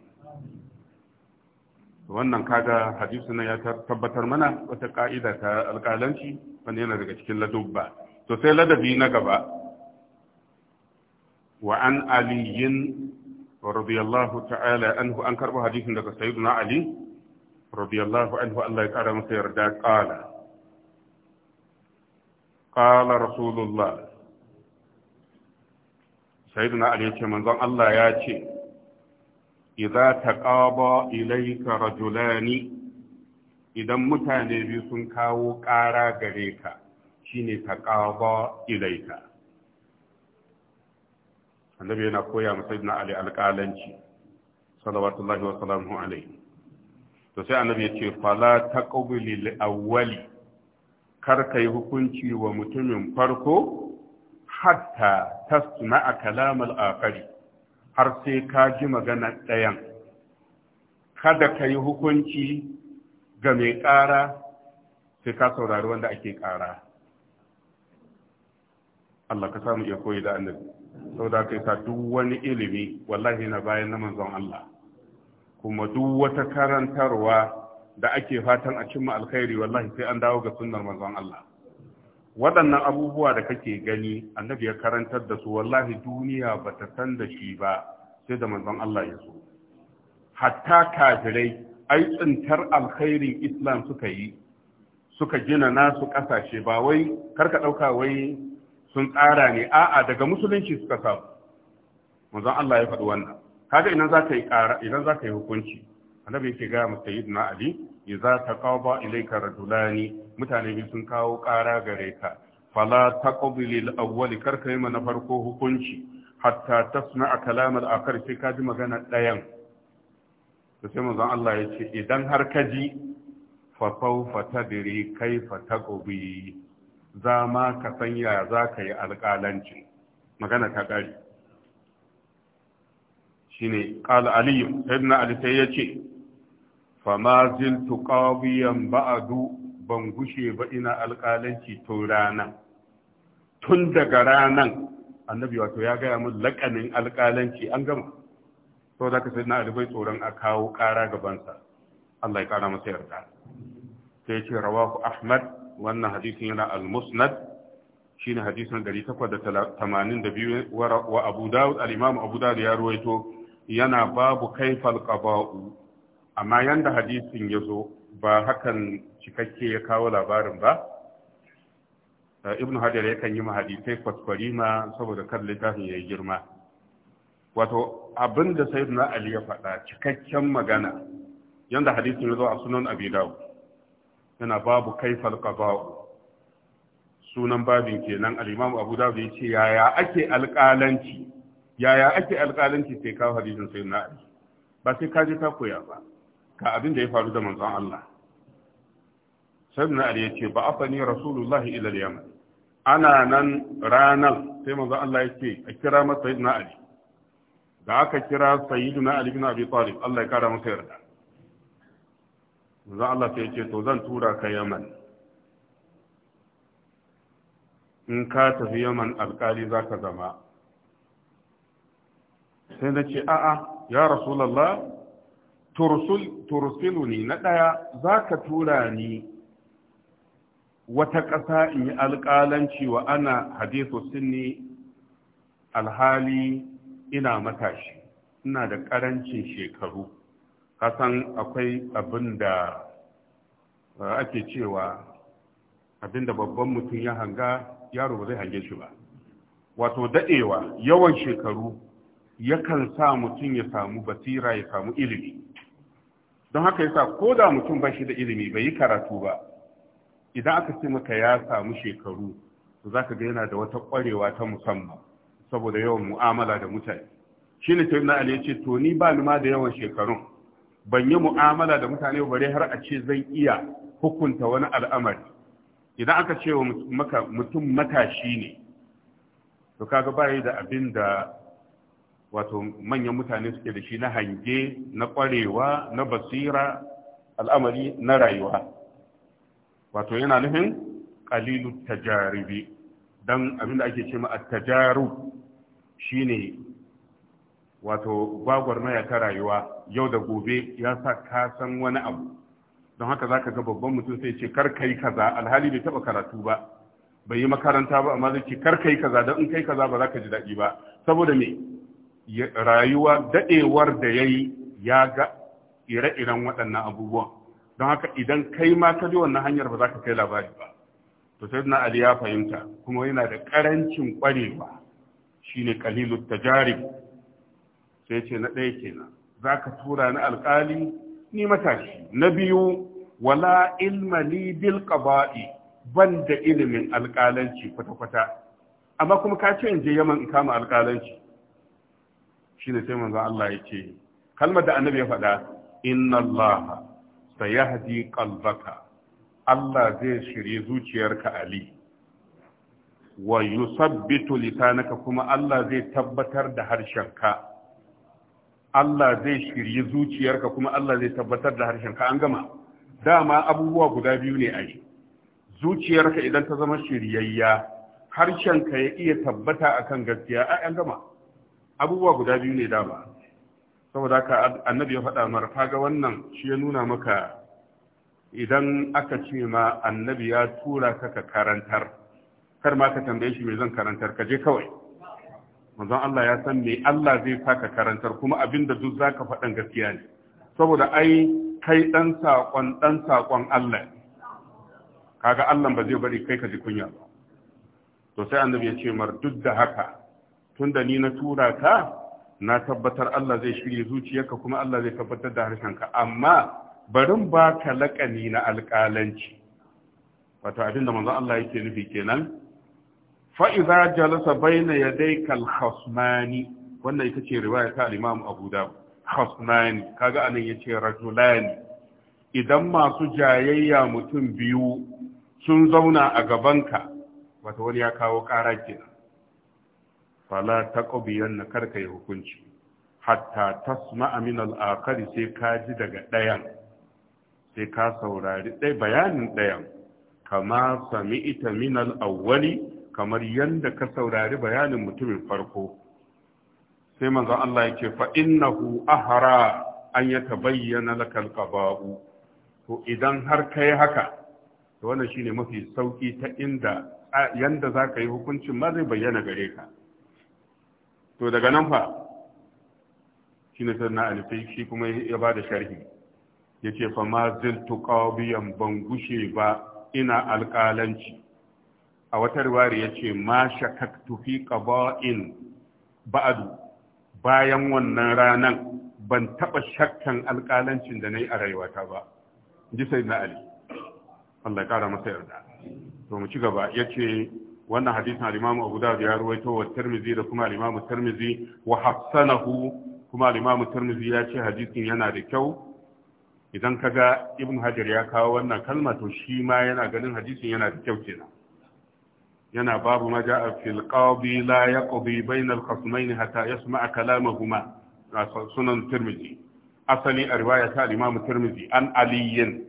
wannan kaga hadisi na ya tabbatar mana wata ka'ida ta alƙalanci wanda yana daga cikin ladubba to sai ladabi na gaba wa an aliyin radiyallahu ta'ala anhu an karɓi hadisin daga sayyiduna ali radiyallahu anhu Allah ya ƙara masa yarda ƙala. qala rasulullah sayyidina ali yace manzon Allah ya ce idza taqaba ilayka rajulani idan mutane biyu sun kawo ƙara gare ka shine ƙaba ilaika. annabi yana koya masa sayyidina ali alƙalanci salawatullahi wa salamuhu alayhi to sai annabi ya ce fala taqbil lil awwali kar ka yi hukunci wa mutumin farko hatta tasma'a kalamal akari har sai ka ji magana ɗayan kada ka yi hukunci ga mai ƙara sai ka saurari wanda ake ƙara Allah ka samu iya koyi da annabi sau kai duk wani ilimi wallahi na bayan na manzon Allah kuma duk wata karantarwa da ake fatan a cimma alkhairi wallahi sai an dawo ga sunnar manzon Allah waɗannan abubuwa da kake gani annabi ya karantar da su wallahi duniya ba ta san da shi ba sai da manzon Allah ya so hatta kafirai ai tsintar alkhairin islam suka yi suka gina nasu ƙasashe ba wai karka ɗauka wai sun tsara ne a'a daga musulunci suka samu manzon Allah ya faɗi wannan kaga idan za ka yi idan za ka yi hukunci annabi yake ga mu sayyidina ali ta taqaba ilayka rajulani mutane biyu sun kawo ƙara gare ka fala taqbil awwali, awwal karka yi mana farko hukunci hatta tasma'a kalam al akhar sai ka ji magana ɗayan to sai manzon Allah ya ce idan har ka ji fa kai tadri kaifa taqbi za ma ka san ya za ka yi alƙalanci magana ta ƙari shine qala aliyu sayyidina ali sai ya ce fama ziltu qawiyan ba'du ban gushe ba ina alƙalanci tun ranan tun daga ranan annabi wato ya gaya mun laƙanin alƙalanci an gama to da ka sai na alibai tsoron a kawo ƙara gabansa Allah ya ƙara masa yarda sai ce rawahu ahmad wannan hadisin yana al-musnad shine hadisin 882 wa abu dawud al-imam abu dawud ya ruwaito yana babu kaifal qaba'u amma yanda hadisin ya zo ba hakan cikakke ya kawo labarin ba eh, ibn hajar yakan yi mahadisai kwaskwari ma saboda kan littafin ya yi girma wato abin da na ali ya faɗa cikakken magana yanda hadisin ya zo a sunan abi yana babu kaifal qada'u sunan babin kenan Alimam abu da ya ce yaya ake alƙalanci yaya ake alƙalanci sai kawo hadisin na ali ba sai ka je ka koya ba ga abin da ya faru da manzon Allah Sai sayyidina ali ya ce ba afani rasulullahi ila yaman ana nan ranar sai manzon Allah ya ce a kira masa sayyidina ali da aka kira sayyidina ali bin abi talib Allah ya kara masa yarda manzon Allah sai ya ce to zan tura ka yaman in ka tafi yaman alkali za ka zama sai na ce a'a ya rasulallah ne na ɗaya za ka tura ni wata ƙasa in yi alƙalanci wa ana hadisu sinni alhali ina matashi ina da ƙarancin shekaru kasan akwai abin da eh, ake cewa abin da babban mutum ya hanga yaro ba zai hange shi ba wato daɗewa yawan shekaru yakan sa mutum ya samu basira ya samu ilimi don haka yasa ko da mutum ba shi da ilimi bai yi karatu ba idan aka ce maka ya samu shekaru to zaka ga yana da wata ƙwarewa ta musamman saboda yawan mu'amala da mutane shi ne sayyidina ali ya ce to ni ba ni ma da yawan shekarun ban yi mu'amala da mutane bare har a ce zan iya hukunta wani al'amari idan aka ce wa mutum matashi ne to kaga ba da abin da wato manyan mutane suke da shi na hange na kwarewa na basira al'amari na rayuwa wato yana nufin kalilu tajaribi don abinda ake ce ma a tajarub shine wato gwagwarmaya ta rayuwa yau da gobe ya sa ka san wani abu don haka za ka ga babban mutum sai ce karkai kaza alhali bai taba karatu ba bai yi makaranta ba amma zai ce kar kaza don in kai kaza ba za ka ji daɗi ba saboda me rayuwa daɗewar da ya yi ya ga ire-iren waɗannan abubuwan don haka idan kai ma ka ji wannan hanyar ba za ka kai labari ba to sai na ali ya fahimta kuma yana da ƙarancin ƙwarewa shine kalilu tajarib sai ce na ɗaya kenan za ka tura ni alƙali ni matashi na biyu wala ilma li bil qaba'i ban da ilimin alƙalanci kwata-kwata amma kuma ka ce in je yaman in kama alƙalanci shine sai manzon Allah ya ce kalmar da annabi ya faɗa inna Allah sayahdi qalbaka Allah zai shirye zuciyarka ali wa yusabbitu lisanaka kuma Allah zai tabbatar da harshenka Allah zai shirye zuciyarka kuma Allah zai tabbatar da harshenka an gama dama abubuwa guda biyu ne ai zuciyarka idan ta zama shiryayya harshenka ya iya tabbata akan gaskiya ai an gama abubuwa guda biyu ne dama saboda ka annabi ya faɗa mara faga wannan shi ya nuna maka idan aka ce ma annabi ya tura ka ka karantar kar ma ka tambaye shi me zan karantar ka je kawai manzon Allah ya san me Allah zai saka karantar kuma abinda duk zaka faɗan gaskiya ne saboda ai kai dan sakon dan sakon Allah kaga Allah ba zai bari kai ka ji kunya ba to sai annabi ya ce mar duk da haka Tun da ni na tura ka na tabbatar Allah zai shirye zuciyarka kuma Allah zai tabbatar da harshenka amma barin ba ka laƙani na alƙalanci wato abinda manzon Allah yake nufi kenan fa idza jalasa baina yadayka al-khasmani wannan ita ce riwaya ta al-Imam Abu Dawud khasmani kaga anan yace rajulani idan masu jayayya mutum biyu sun zauna a gabanka wato wani ya kawo ƙara kenan fala taqbiyan kar ka yi hukunci hatta tasma'a min al sai ka ji daga ɗayan sai ka saurari bayanin ɗayan kama sami min al-awwali kamar yadda ka saurari bayanin mutumin farko sai manzon Allah ya ce fa innahu ahra an yatabayyana lakal qaba'u to idan har kai haka to wannan shine mafi sauƙi ta inda yanda zaka yi hukuncin ma zai bayyana gare ka to daga nan fa shi ne sannan alifai shi kuma ya ba da sharhi ya ce fa ma ziltu qawbiyan ban gushe ba ina alƙalanci a wata riwari ya ce ma shakaktu fi qaba'in ba'adu bayan wannan ranan ban taɓa shakkan alƙalancin da na yi a rayuwata ba ji sai na ali Allah ya ƙara masa yarda to mu ci gaba ya ce wannan hadisin al-Imam Abu Dawud ya ruwaito wa tirmizi da kuma al-Imam wa Hafsanahu. kuma al-Imam ya ce hadisin yana da kyau idan kaga Ibn Hajar ya kawo wannan kalma to shi ma yana ganin hadisin yana da kyau kenan yana babu ma ja'a fil qadi la yaqdi bayna al-khasmayn hatta yasma'a kalamahuma sunan Tirmidhi asali a riwaya ta al-Imam Tirmidhi an aliyin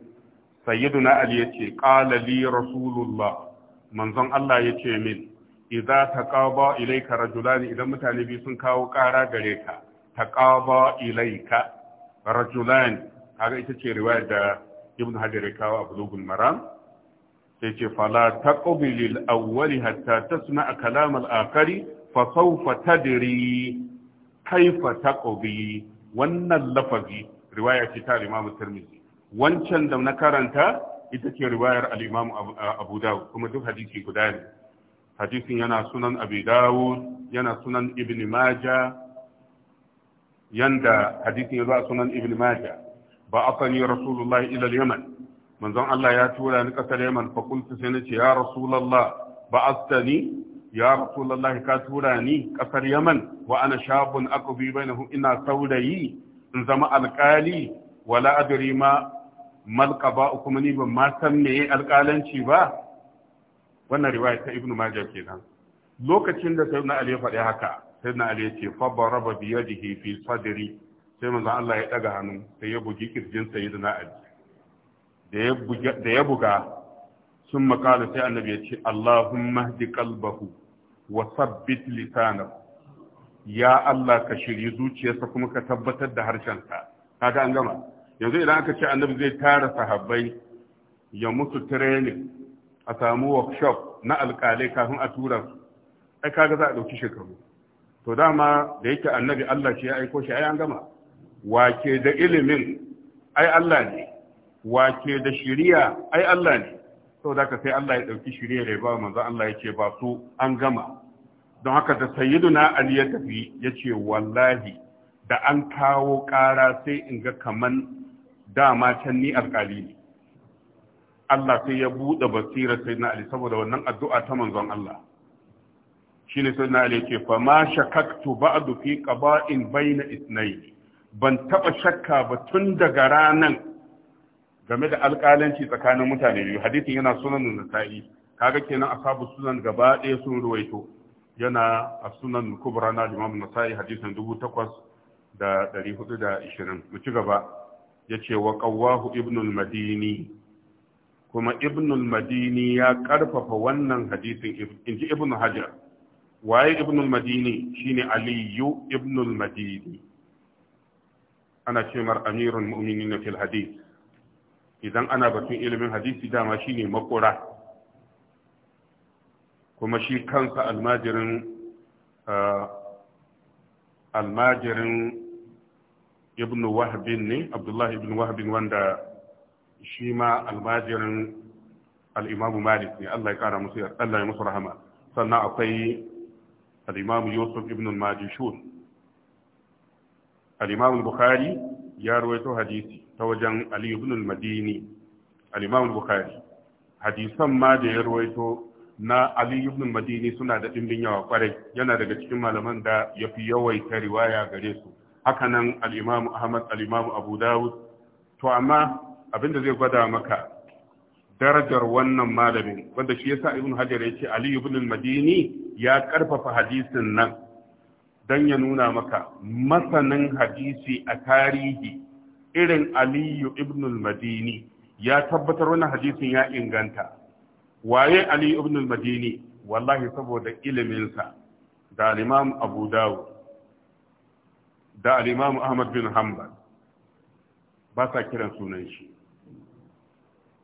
sayyiduna ali yace qala li rasulullah manzon Allah ya ce min idza taqaba ilayka rajulani idan mutane biyu sun kawo ƙara gare ka taqaba ilayka rajulani kaga ita ce riwayar da ibn hajar ya kawo a bulugul maram sai ce fala taqbi lil hatta tasma'a kalam al akhari fa sawfa tadri kaifa taqbi wannan lafazi riwaya ce ta Imam Tirmidhi wancan da na karanta ita ce riwayar al-Imam Abu Dawud kuma duk hadisi guda ne hadisin yana sunan Abi Dawud yana sunan Ibn Majah yanda hadisin yana sunan Ibn Majah ba afani Rasulullah ila yaman manzon Allah ya tura ni kasar Yaman fa kuntu sai nace ya Rasulullah ba'athani ya Rasulullah ka tura ni kasar Yaman wa ana shabun aqbi bainahum ina saurayi in zama alkali wala adri ma malka ba kuma ni ban ma san me alƙalanci ba wannan riwaya ta ibnu majah kenan lokacin da sayyidina ali ya faɗi haka sayyidina ali ya ce fa baraba bi yadihi fi sadri sai manzon Allah ya daga hannu sai ya bugi kirjin sayyidina ali da ya buga da ya buga sun makala sai annabi ya ce Allahumma hdi qalbahu wa sabbit lisanahu ya Allah ka shirye zuciyarsa kuma ka tabbatar da harshensa kaga an gama yanzu idan aka ce annabi zai tara sahabbai ya musu training a samu workshop na alƙalai kafin a tura su ai kaga za a ɗauki shekaru to dama da yake annabi Allah shi ya aiko shi ai an gama wake da ilimin ai Allah ne wake da shiriya ai Allah ne sau da ka sai Allah ya ɗauki shiriya da ya ba manzo Allah ya ce ba su an gama don haka da sayyiduna Ali ya tafi yace wallahi da an kawo kara sai in ga kaman dama can ni alƙali. ne Allah sai ya buɗe basira sai na Ali saboda wannan addu'a ta manzon Allah shi ne sai na Ali ce fa ma shakaktu ba'du fi qaba'in baina isnai ban taɓa shakka ba tun daga ranan game da alƙalanci tsakanin mutane biyu hadisin yana sunan nasa'i kaga kenan ashabu sunan gaba ɗaya sun ruwaito yana a sunan kubra na imam nasa'i hadisin ishirin. mu ci gaba ya ce wa ƙawahu ibnul madini kuma ibnul madini ya ƙarfafa wannan hadisin in ji ibn hajar waye ibnul madini shine aliyu ibnul madini ana ce mar amirul mu'minin fil hadis idan ana batun ilimin hadisi dama shine makura kuma shi kansa almajirin ah, almajirin ibn wahabin ne abdullahi ibn wahabin wanda shi ma almajirin al'imamu malik ne Allah ya kara musu Allah ya musu rahama sannan akwai al'imamu yusuf ibn majishun al'imamu bukhari ya rawaito hadisi ta wajen ali ibn madini al'imamu bukhari hadisan ma da ya rawaito na ali ibn madini suna da ɗimbin yawa kwarai yana daga cikin malaman da ya fi yawaita riwaya gare su haka nan al'imamu ahmad al'imamu abu dawud to amma abinda zai gwada maka darajar wannan malamin wanda shi yasa ibn hajar ya ce ali ibn madini ya ƙarfafa hadisin nan don ya nuna maka masanin hadisi a tarihi irin aliyu ibn madini ya tabbatar wannan hadisin ya inganta waye aliyu ibn madini wallahi saboda iliminsa da imam abu dawud da al'imamu ahmad bin hanbal ba sa kiran sunan shi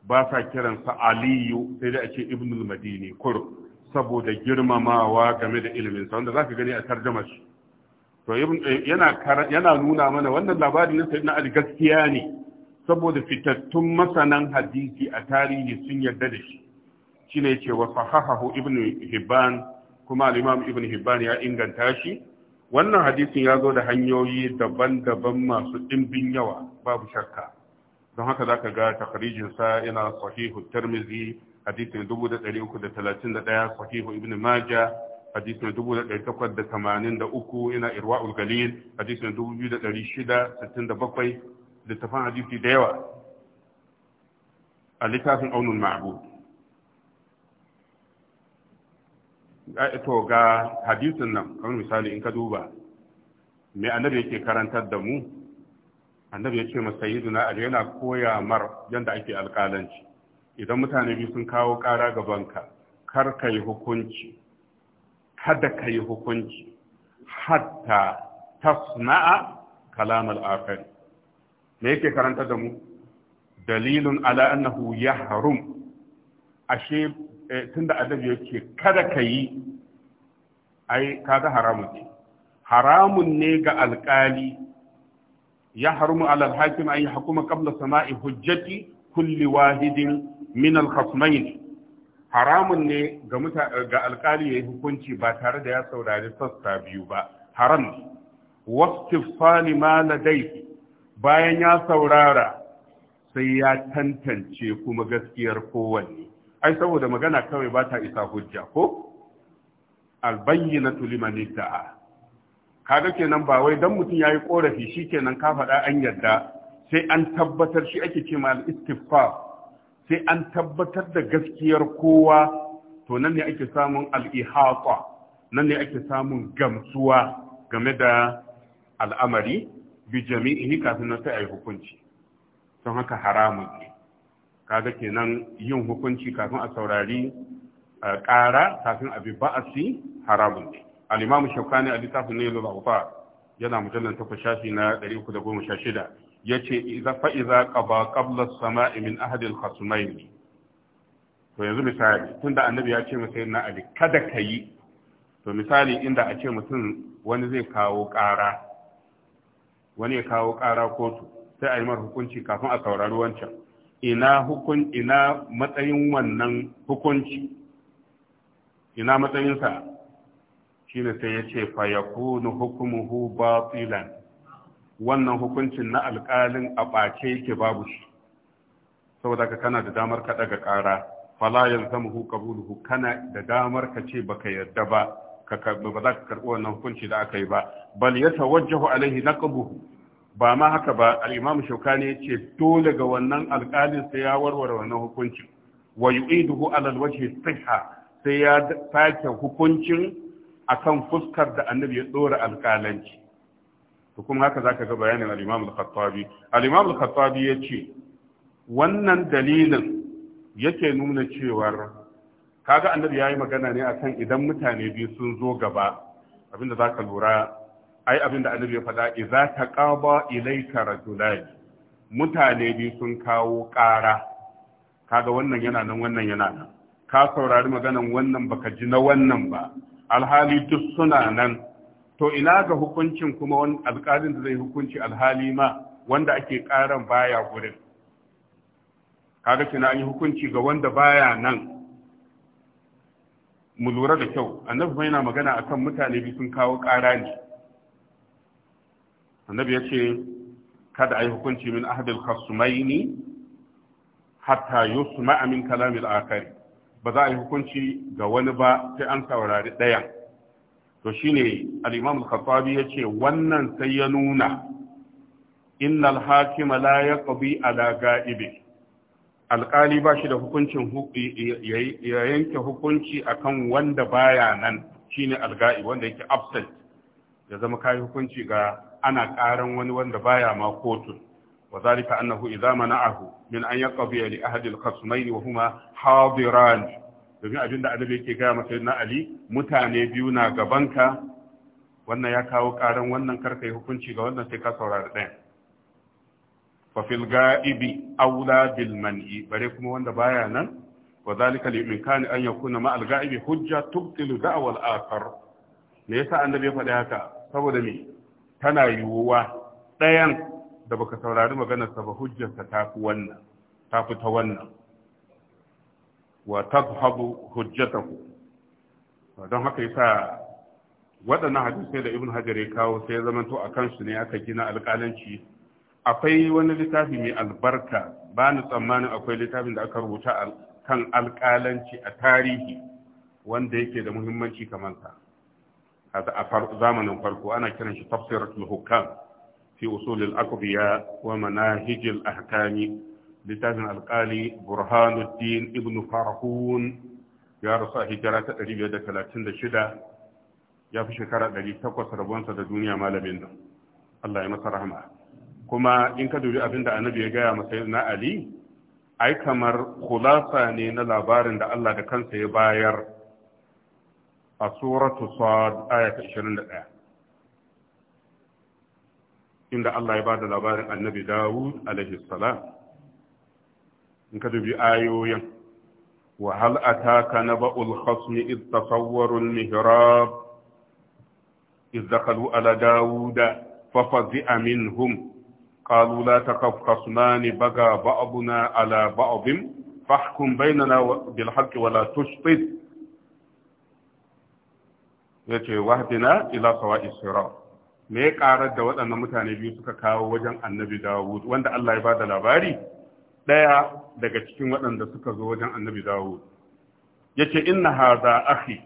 ba sa kiransa aliyu sai da ake ce ibnul madini kur saboda girmamawa game da ilminsa, wanda za ka gani a tarjama shi to eh, yana nuna mana wannan labarin na sayyidina ali gaskiya ne saboda fitattun masanan hadisi a tarihi sun yarda da shi shine yace wa sahahahu Ibn hibban kuma al-imam hibban ya inganta shi wannan hadisin ya zo da hanyoyi daban-daban masu ɗimbin yawa babu shakka don haka za ka ga takarijinsa yana sahihu tarmizi hadisin 1331 sahihu ibn maja hadisin 1883 yana irwa'ul galil hadisin 2667 tafan hadisi da yawa a littafin aunul ma'bud to ga hadisin nan kamar misali in ka duba me annabi yake karantar da mu annabi yake ma sayyiduna ali yana koya mar yanda ake alƙalanci idan mutane biyu sun kawo ƙara gabanka kar ka yi hukunci kada ka yi hukunci hatta tasna'a kalam al-akhir me yake karantar da mu dalilun ala annahu yahrum ashe Eh, tunda da yake yake kada ka yi ai kaga haramun ce haramun ne ga alkali ya harumu alal hakim an yi hakuma qabla sama'i hujjati kulli wahidin min al haramun ne ga ga alkali yayi hukunci ba tare da ya saurari sassa biyu ba haram ne wastifali ma ladai bayan ya saurara sai ya tantance kuma gaskiyar kowanne ai saboda magana kawai ba ta isa hujja ko albayyinatu liman idda'a kaga kenan ba wai dan mutum yayi korafi shikenan ka faɗa an yadda sai an tabbatar shi ake cewa al-istighfar sai an tabbatar da gaskiyar kowa to nan ne ake samun al-ihata nan ne ake samun gamsuwa game da al'amari bi jami'i kafin nan sai yi hukunci don haka haramun ne kaga kenan yin hukunci kafin a saurari ƙara kafin a bi ba'asi haramun ne al-imamu shaukani a littafin ne lulafa yana mujallar takwas shafi na 316 yace idza fa idza qaba qabla as-sama'i min ahadi al-khasmayn to yanzu misali tunda annabi ya ce masa yana ali kada yi, to misali inda a ce mutum wani zai kawo ƙara wani ya kawo ƙara kotu sai a yi mar hukunci kafin a saurari wancan ina hukun ina matsayin wannan hukunci ina matsayinsa shine sai ya ce fa yakunu batilan wannan hukuncin na alƙalin a ɓace yake babu shi saboda ka kana da damar ka ɗaga ƙara fala hu kabuluhu kana da damar ka ce baka yarda ba ba za ka karɓi wannan hukunci da aka yi ba bal ya yatawajjahu alaihi naqbuhu ba ma haka ba al-imam shaukani yace dole ga wannan alƙalin sai ya warware wannan hukuncin wa yu'iduhu ala al-wajhi sai ya sake hukuncin akan fuskar da annabi ya ɗora alƙalanci to kuma haka ga bayanin al al-khattabi al al-khattabi yace wannan dalilin yake nuna cewar kaga annabi ya yi magana ne akan idan mutane biyu sun zo gaba abinda zaka lura ai abin da annabi ya faɗa idza taqaba ilayka rajulan mutane biyu sun kawo ƙara kaga wannan yana nan wannan yana nan ka saurari maganan wannan baka ji na wannan ba alhali duk suna nan to ina ga hukuncin kuma wani alƙalin da zai hukunci alhali ma wanda ake ƙaran baya gurin kaga kina an yi hukunci ga wanda baya nan mu lura da kyau annabi yana magana akan mutane biyu sun kawo ƙara ne annabi ya ce kada a yi hukunci min ahadil khasumaini hatta su ma'amin kalamil akari ba za a yi hukunci ga wani ba sai an saurari ɗayan to shine al-imam al-khattabi yace wannan sai ya nuna innal hakima la yaqdi ala ga'ibi alƙali ba shi da hukuncin ya yanke hukunci akan wanda baya nan shine alga'i wanda yake absent ya zama kai hukunci ga ana ƙaran wani wanda baya ma kotun wa zalika annahu idza mana'ahu min an yaqdi li ahadi al-khasmayn wa huma hadiran domin abin da annabi yake gaya masa na ali mutane biyu na gabanka wannan ya kawo ƙaran wannan karkai hukunci ga wannan sai ka saurari ɗayan fa fil ga'ibi aula bil man'i bare kuma wanda baya nan an وذلك لإمكان أن يكون مع الغائب حجة تبطل دعوى الآخر ليس أن faɗi haka? فهو me. tana yiwuwa ɗayan da baka saurari sa ba hujjarsa ta fi wannan ta fi ta wannan wa tadhabu hujjatahu don haka yasa waɗannan hadisai da ibn hajar ya kawo sai ya zamanto a kansu ne aka gina alƙalanci akwai wani littafi mai albarka ba ni tsammanin akwai littafin da aka rubuta kan alƙalanci a tarihi wanda yake da muhimmanci kamar sa a zamanin farko ana kiran shi tafsiratul hukam fi usulil aqdiya wa manahijil ahkami littafin alkali burhanuddin ibn farhun ya rasu a hijira ta 536 ya fi shekara 800 rabonsa da duniya malamin nan Allah ya masa rahama kuma in ka dubi abinda annabi ya gaya masa na ali ai kamar khulasa ne na labarin da Allah da kansa ya bayar سورة صاد آية عشرين إن الله يبعد الأبار النبي داود عليه السلام إن كتب آيويا وهل أتاك نبأ الخصم إذ تصوروا المهراب إذ دخلوا على داود ففزع منهم قالوا لا تخف خصمان بقى بعضنا على بعض فاحكم بيننا بالحق ولا تشطط ya ce wahdina ila sawa'i sirat me ya karar da waɗannan mutane biyu suka kawo wajen annabi dawud wanda Allah ya ba da labari ɗaya daga cikin waɗanda suka zo wajen annabi dawud ya ce inna hadha akhi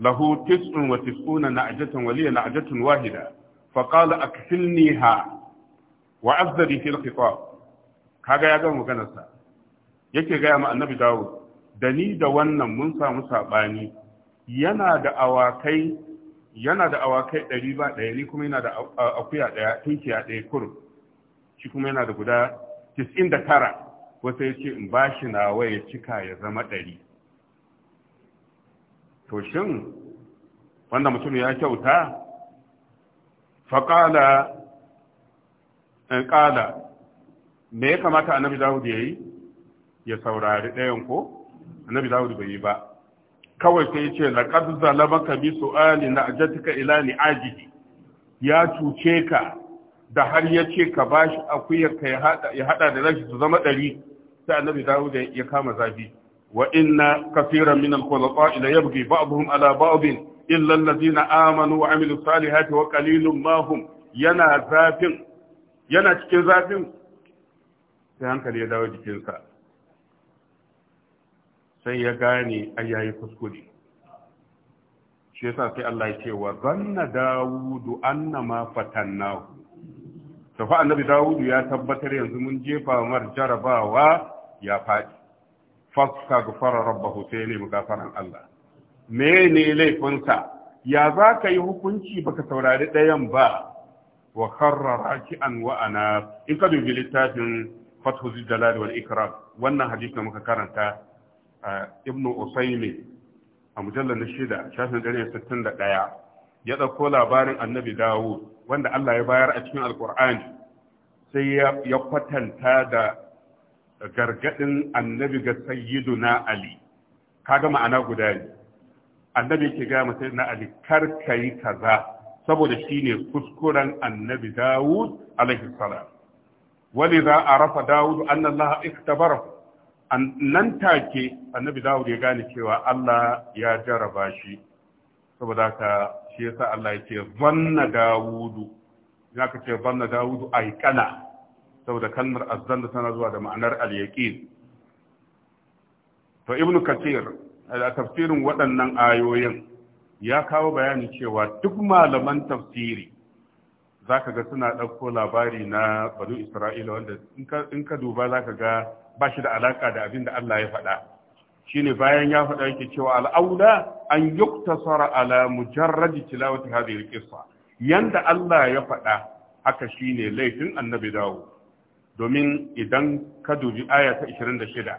lahu tis'un wa tis'una na'jatan wa liya na'jatun wahida fa qala akfilniha wa azdari fil khitab kaga ya ga maganar sa yake ga ma annabi dawud da ni da wannan mun samu sabani yana da awakai yana da awakai ɗari ba ɗaya ni kuma yana da akuya ɗaya tunkiya ɗaya kurum shi kuma yana da guda tis'in da tara wasu ya ce in ba shi nawa ya cika ya zama ɗari to shin wanda mutum ya kyauta faƙala in eh, ƙala me ya kamata annabi dawud ya yi ya saurari ɗayan ko annabi dawud bai yi ba kawai sai ce laqad zalamaka bi su'ali ajatika ila ni'ajihi ya cuce ka da har ya ce ka bashi akuyar ka ya hada da rashi su zama ɗari sai annabi da ya kama zafi wa inna kaseeran min al khulafa ila yabghi ba'dhum ala ba'd illa alladhina amanu wa 'amilus salihati wa qalilum ma hum yana zafin yana cikin zafin sai hankali ya dawo jikinsa sai ya gane ai yayi kuskure shi yasa sai Allah ya ce wa zanna dawudu annama fatannahu tafi annabi dawudu ya tabbatar yanzu mun jefa mar jarabawa ya faɗi fasta gufara rabbahu sai ne mukafaran Allah mene laifinsa ya za ka yi hukunci baka saurari ɗayan ba wa kharra an wa ana in ka dubi littafin fathu ziljalal wal ikram wannan hadisi muka karanta a ibnu usaimi a mujallar na shida shafin sittin da ɗaya ya ɗauko labarin annabi dawud wanda allah ya bayar a cikin alkur'ani sai ya kwatanta da gargaɗin annabi ga sayyiduna ali kaga ma'ana guda ne annabi ke gaya masa na ali ka yi kaza saboda shine kuskuren annabi dawud alaihi salam a rafa داود أن الله اختبره nan take annabi Dawud ya gane cewa Allah ya jaraba shi saboda ka shi yasa Allah ya ce zanna Dawudu ya ka ce zanna Dawudu kana saboda kalmar azzanna tana zuwa da ma'anar al-yaqin to ibnu kathir a tafsirin waɗannan ayoyin ya kawo bayanin cewa duk malaman tafsiri zaka ga suna ɗauko labari na banu Isra'ila wanda in ka duba zaka ga ba shi da alaka da abin da Allah ya faɗa shine bayan ya faɗa yake cewa al'aula an yuktasara ala mujarradi tilawati hadhihi alqissa yanda Allah ya faɗa haka shine laifin annabi dawo domin idan ka dubi aya ta 26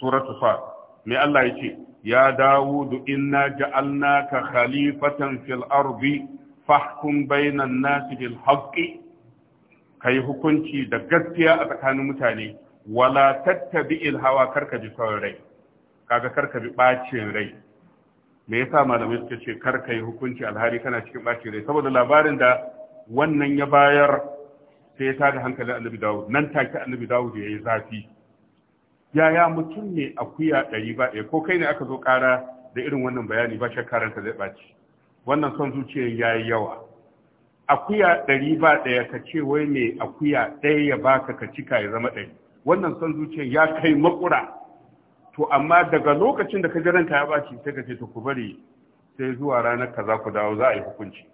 suratu fat mai Allah ya ce ya dawo dawudu inna ja'alnaka khalifatan fil ardi fahkum bainan nasi bil haqqi kai hukunci da gaskiya a tsakanin mutane wala tattabi'il hawa karka bi son rai kaga karka bi bacin rai me yasa malamai suka ce karka yi hukunci alhari kana cikin bacin rai saboda labarin da wannan ya bayar sai ya tada hankalin annabi dawud nan take annabi dawud ya yi zafi yaya mutum ne akuya ɗari ba ɗaya ko kai ne aka zo ƙara da irin wannan bayani ba shakkaranta zai ɓaci wannan son zuciyar ya yi yawa akuya ɗari ba ɗaya ka ce wai me akuya ɗaya ya baka ka cika ya zama ɗari wannan son zuciyar ya kai makura to amma daga lokacin da ka ji ranka ya baci sai ka ce to ku bari sai zuwa ranar kaza ku dawo za a yi hukunci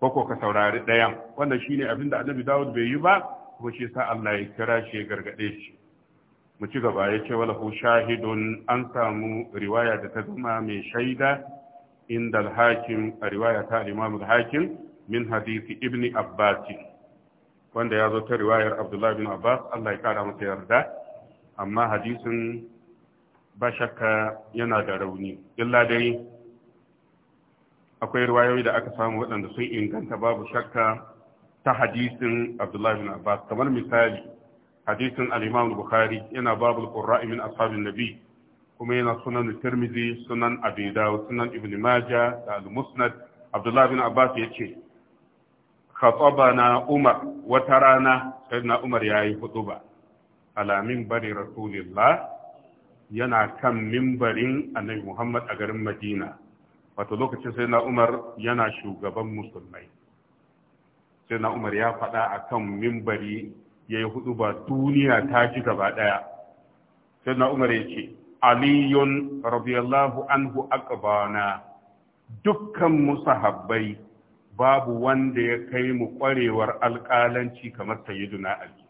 ko ko ka saurari ɗayan wannan shine abin da annabi dawud bai yi ba kuma shi sa Allah ya kira shi ya gargaɗe shi mu ci gaba ya ce wala hu shahidun an samu riwaya da ta zama mai shaida inda al-hakim a riwaya ta imam al-hakim min hadisi ibni abbas wanda ya zo ta riwayar Abdullahi bin Abbas Allah ya kara masa yarda amma hadisin ba shakka yana da rauni illa dai akwai riwayoyi da aka samu waɗanda sun inganta babu shakka ta hadisin Abdullahi bin Abbas kamar misali hadisin al-Imam Bukhari yana babu al-Qurra'i min ashabin Nabi kuma yana sunan Tirmidhi sunan Abi Dawud sunan Ibn Majah da al-Musnad Abdullahi bin Abbas yace khatabana Umar wata rana sayyidina Umar yayi hutuba ala minbari rasulillah yana kan mimbarin annabi Muhammad a garin Madina wato lokacin sayyidina Umar yana shugaban musulmai sayyidina Umar ya faɗa akan mimbari yayi hutuba duniya ta ji gaba daya sayyidina Umar yace aliyun radiyallahu anhu akbana dukkan musahabbai babu wanda ya kai mu kwarewar alƙalanci kamar sayyiduna ali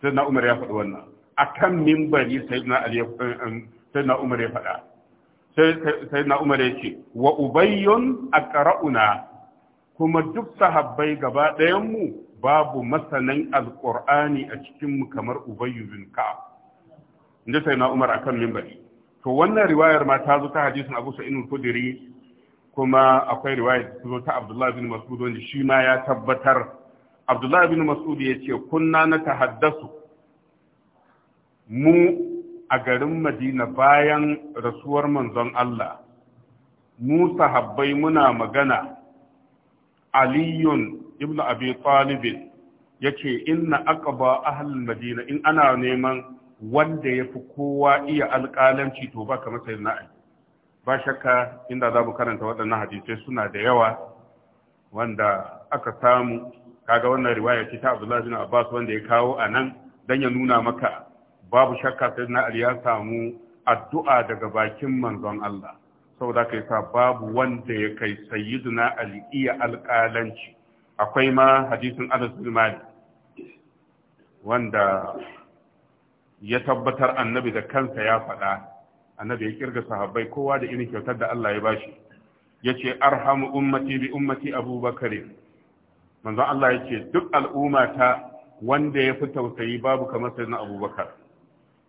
sayyiduna umar ya faɗi wannan akan mimbari sayyiduna ali ya um, sayyiduna umar ya faɗa sayyiduna umar ya ce wa ubayyun aqra'una kuma duk sahabbai gaba ɗayan mu babu masanan alqur'ani a cikin mu kamar ubayyu bin ka'ab inda sayyiduna umar akan mimbari to wannan riwayar ma ta zo ta hadisin abu sa'id al-khudri kuma akwai riwaya da zo ta Abdullah bin Mas'ud wanda shi ma ya tabbatar Abdullah bin Mas'ud ya ce kunna na tahaddasu mu a garin Madina bayan rasuwar manzon Allah mu sahabbai muna magana Aliyun ibn Abi Talib yace inna aqba ahlul Madina in ana neman wanda yafi kowa iya alƙalanci to ba kamar sayyidina Ali ba shakka inda za mu karanta waɗannan hadisai suna da yawa wanda aka samu kaga wannan riwaya ce ta Abdullahi bin Abbas wanda ya kawo a nan dan ya nuna maka babu shakka sai na Ali ya samu addu'a daga bakin manzon Allah saboda kai sa babu wanda ya kai sayyiduna Ali iya alƙalanci akwai ma hadisin Anas bin Malik wanda ya tabbatar annabi da kansa ya faɗa annabi ya kirga sahabbai kowa da irin kyautar da Allah ya bashi yace arhamu ummati bi ummati abubakar manzon Allah yace duk al'umma ta wanda ya fi tausayi babu kamar sayyidina abubakar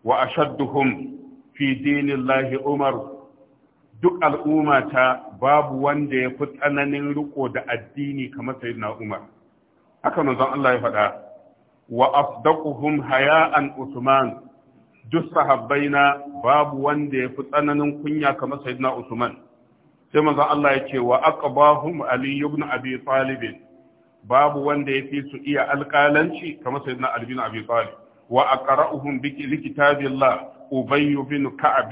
wa ashadduhum fi dinillahi umar duk al'umma ta babu wanda ya fi tsananin riko da addini kamar sayyidina umar haka manzon Allah ya faɗa wa afdaquhum haya'an usman duk sahabbai na babu wanda ya fi tsananin kunya kamar sayyidina Usman sai manzo Allah ya ce wa aqbahum Ali ibn Abi Talib babu wanda ya fi su iya alƙalanci kamar sayyidina Ali ibn Abi Talib wa aqra'uhum bi kitabillah Ubay bin ka'b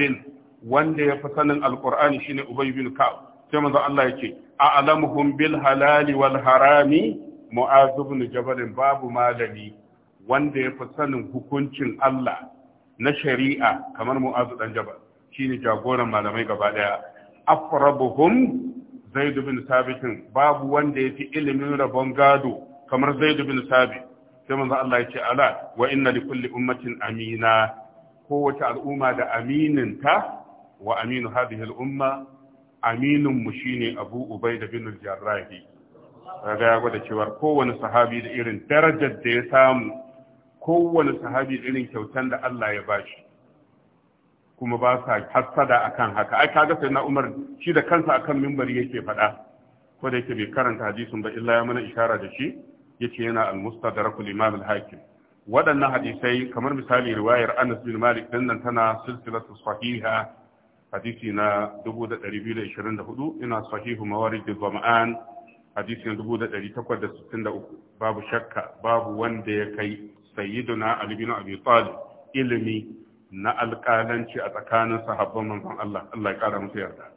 wanda ya fi sanin alqur'ani shine Ubay bin ka'b sai manzo Allah ya ce a'lamuhum bil halali wal harami mu'az ibn jabal babu malami wanda ya fi sanin hukuncin Allah na shari'a kamar mu'azu dan jabal shine jagoran malamai gaba daya afrabuhum zaid bin sabit babu wanda yafi ilimin rabon gado kamar zaid bin sabit sai manzo Allah ya ce ala wa inna li kulli ummatin amina kowace al'umma da amininta wa aminu hadhihi al'umma aminin mu shine Abu Ubaida bin al jarrahi. kaga ya gwada cewa kowane sahabi da irin darajar da ya samu kowane sahabi irin kyautan da Allah ya bashi kuma ba sa hassada akan haka ai kaga sai na Umar shi da kansa akan mimbari yake faɗa ko da yake bai karanta hadisin ba illa ya mana ishara da shi yace yana al-mustadrakul imam al-hakim waɗannan hadisai kamar misali riwayar Anas bin Malik din nan tana silsilatu sahiha hadisi na 2224 ina sahihu mawarid al hadisi na 1863 babu shakka babu wanda ya kai sayyiduna Ali bin Abi Talib ilimi na alƙalanci a tsakanin sahabban manzon Allah Allah ya ƙara musu yarda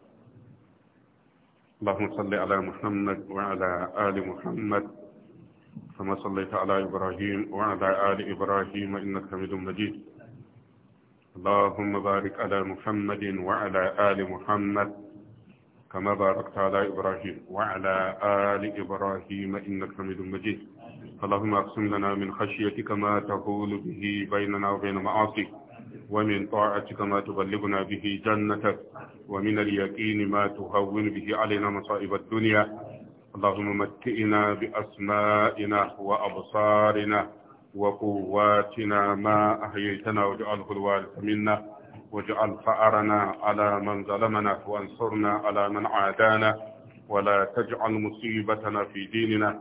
اللهم صل على محمد وعلى آل محمد كما صليت على إبراهيم وعلى آل إبراهيم إنك حميد مجيد اللهم بارك على محمد وعلى آل محمد كما باركت على إبراهيم وعلى آل إبراهيم إنك حميد مجيد اللهم اقسم لنا من خشيتك ما تقول به بيننا وبين معاصيك ومن طاعتك ما تبلغنا به جنتك ومن اليقين ما تهون به علينا مصائب الدنيا اللهم متئنا بأسمائنا وأبصارنا وقواتنا ما أحييتنا واجعله الوارث منا واجعل فأرنا على من ظلمنا وانصرنا على من عادانا ولا تجعل مصيبتنا في ديننا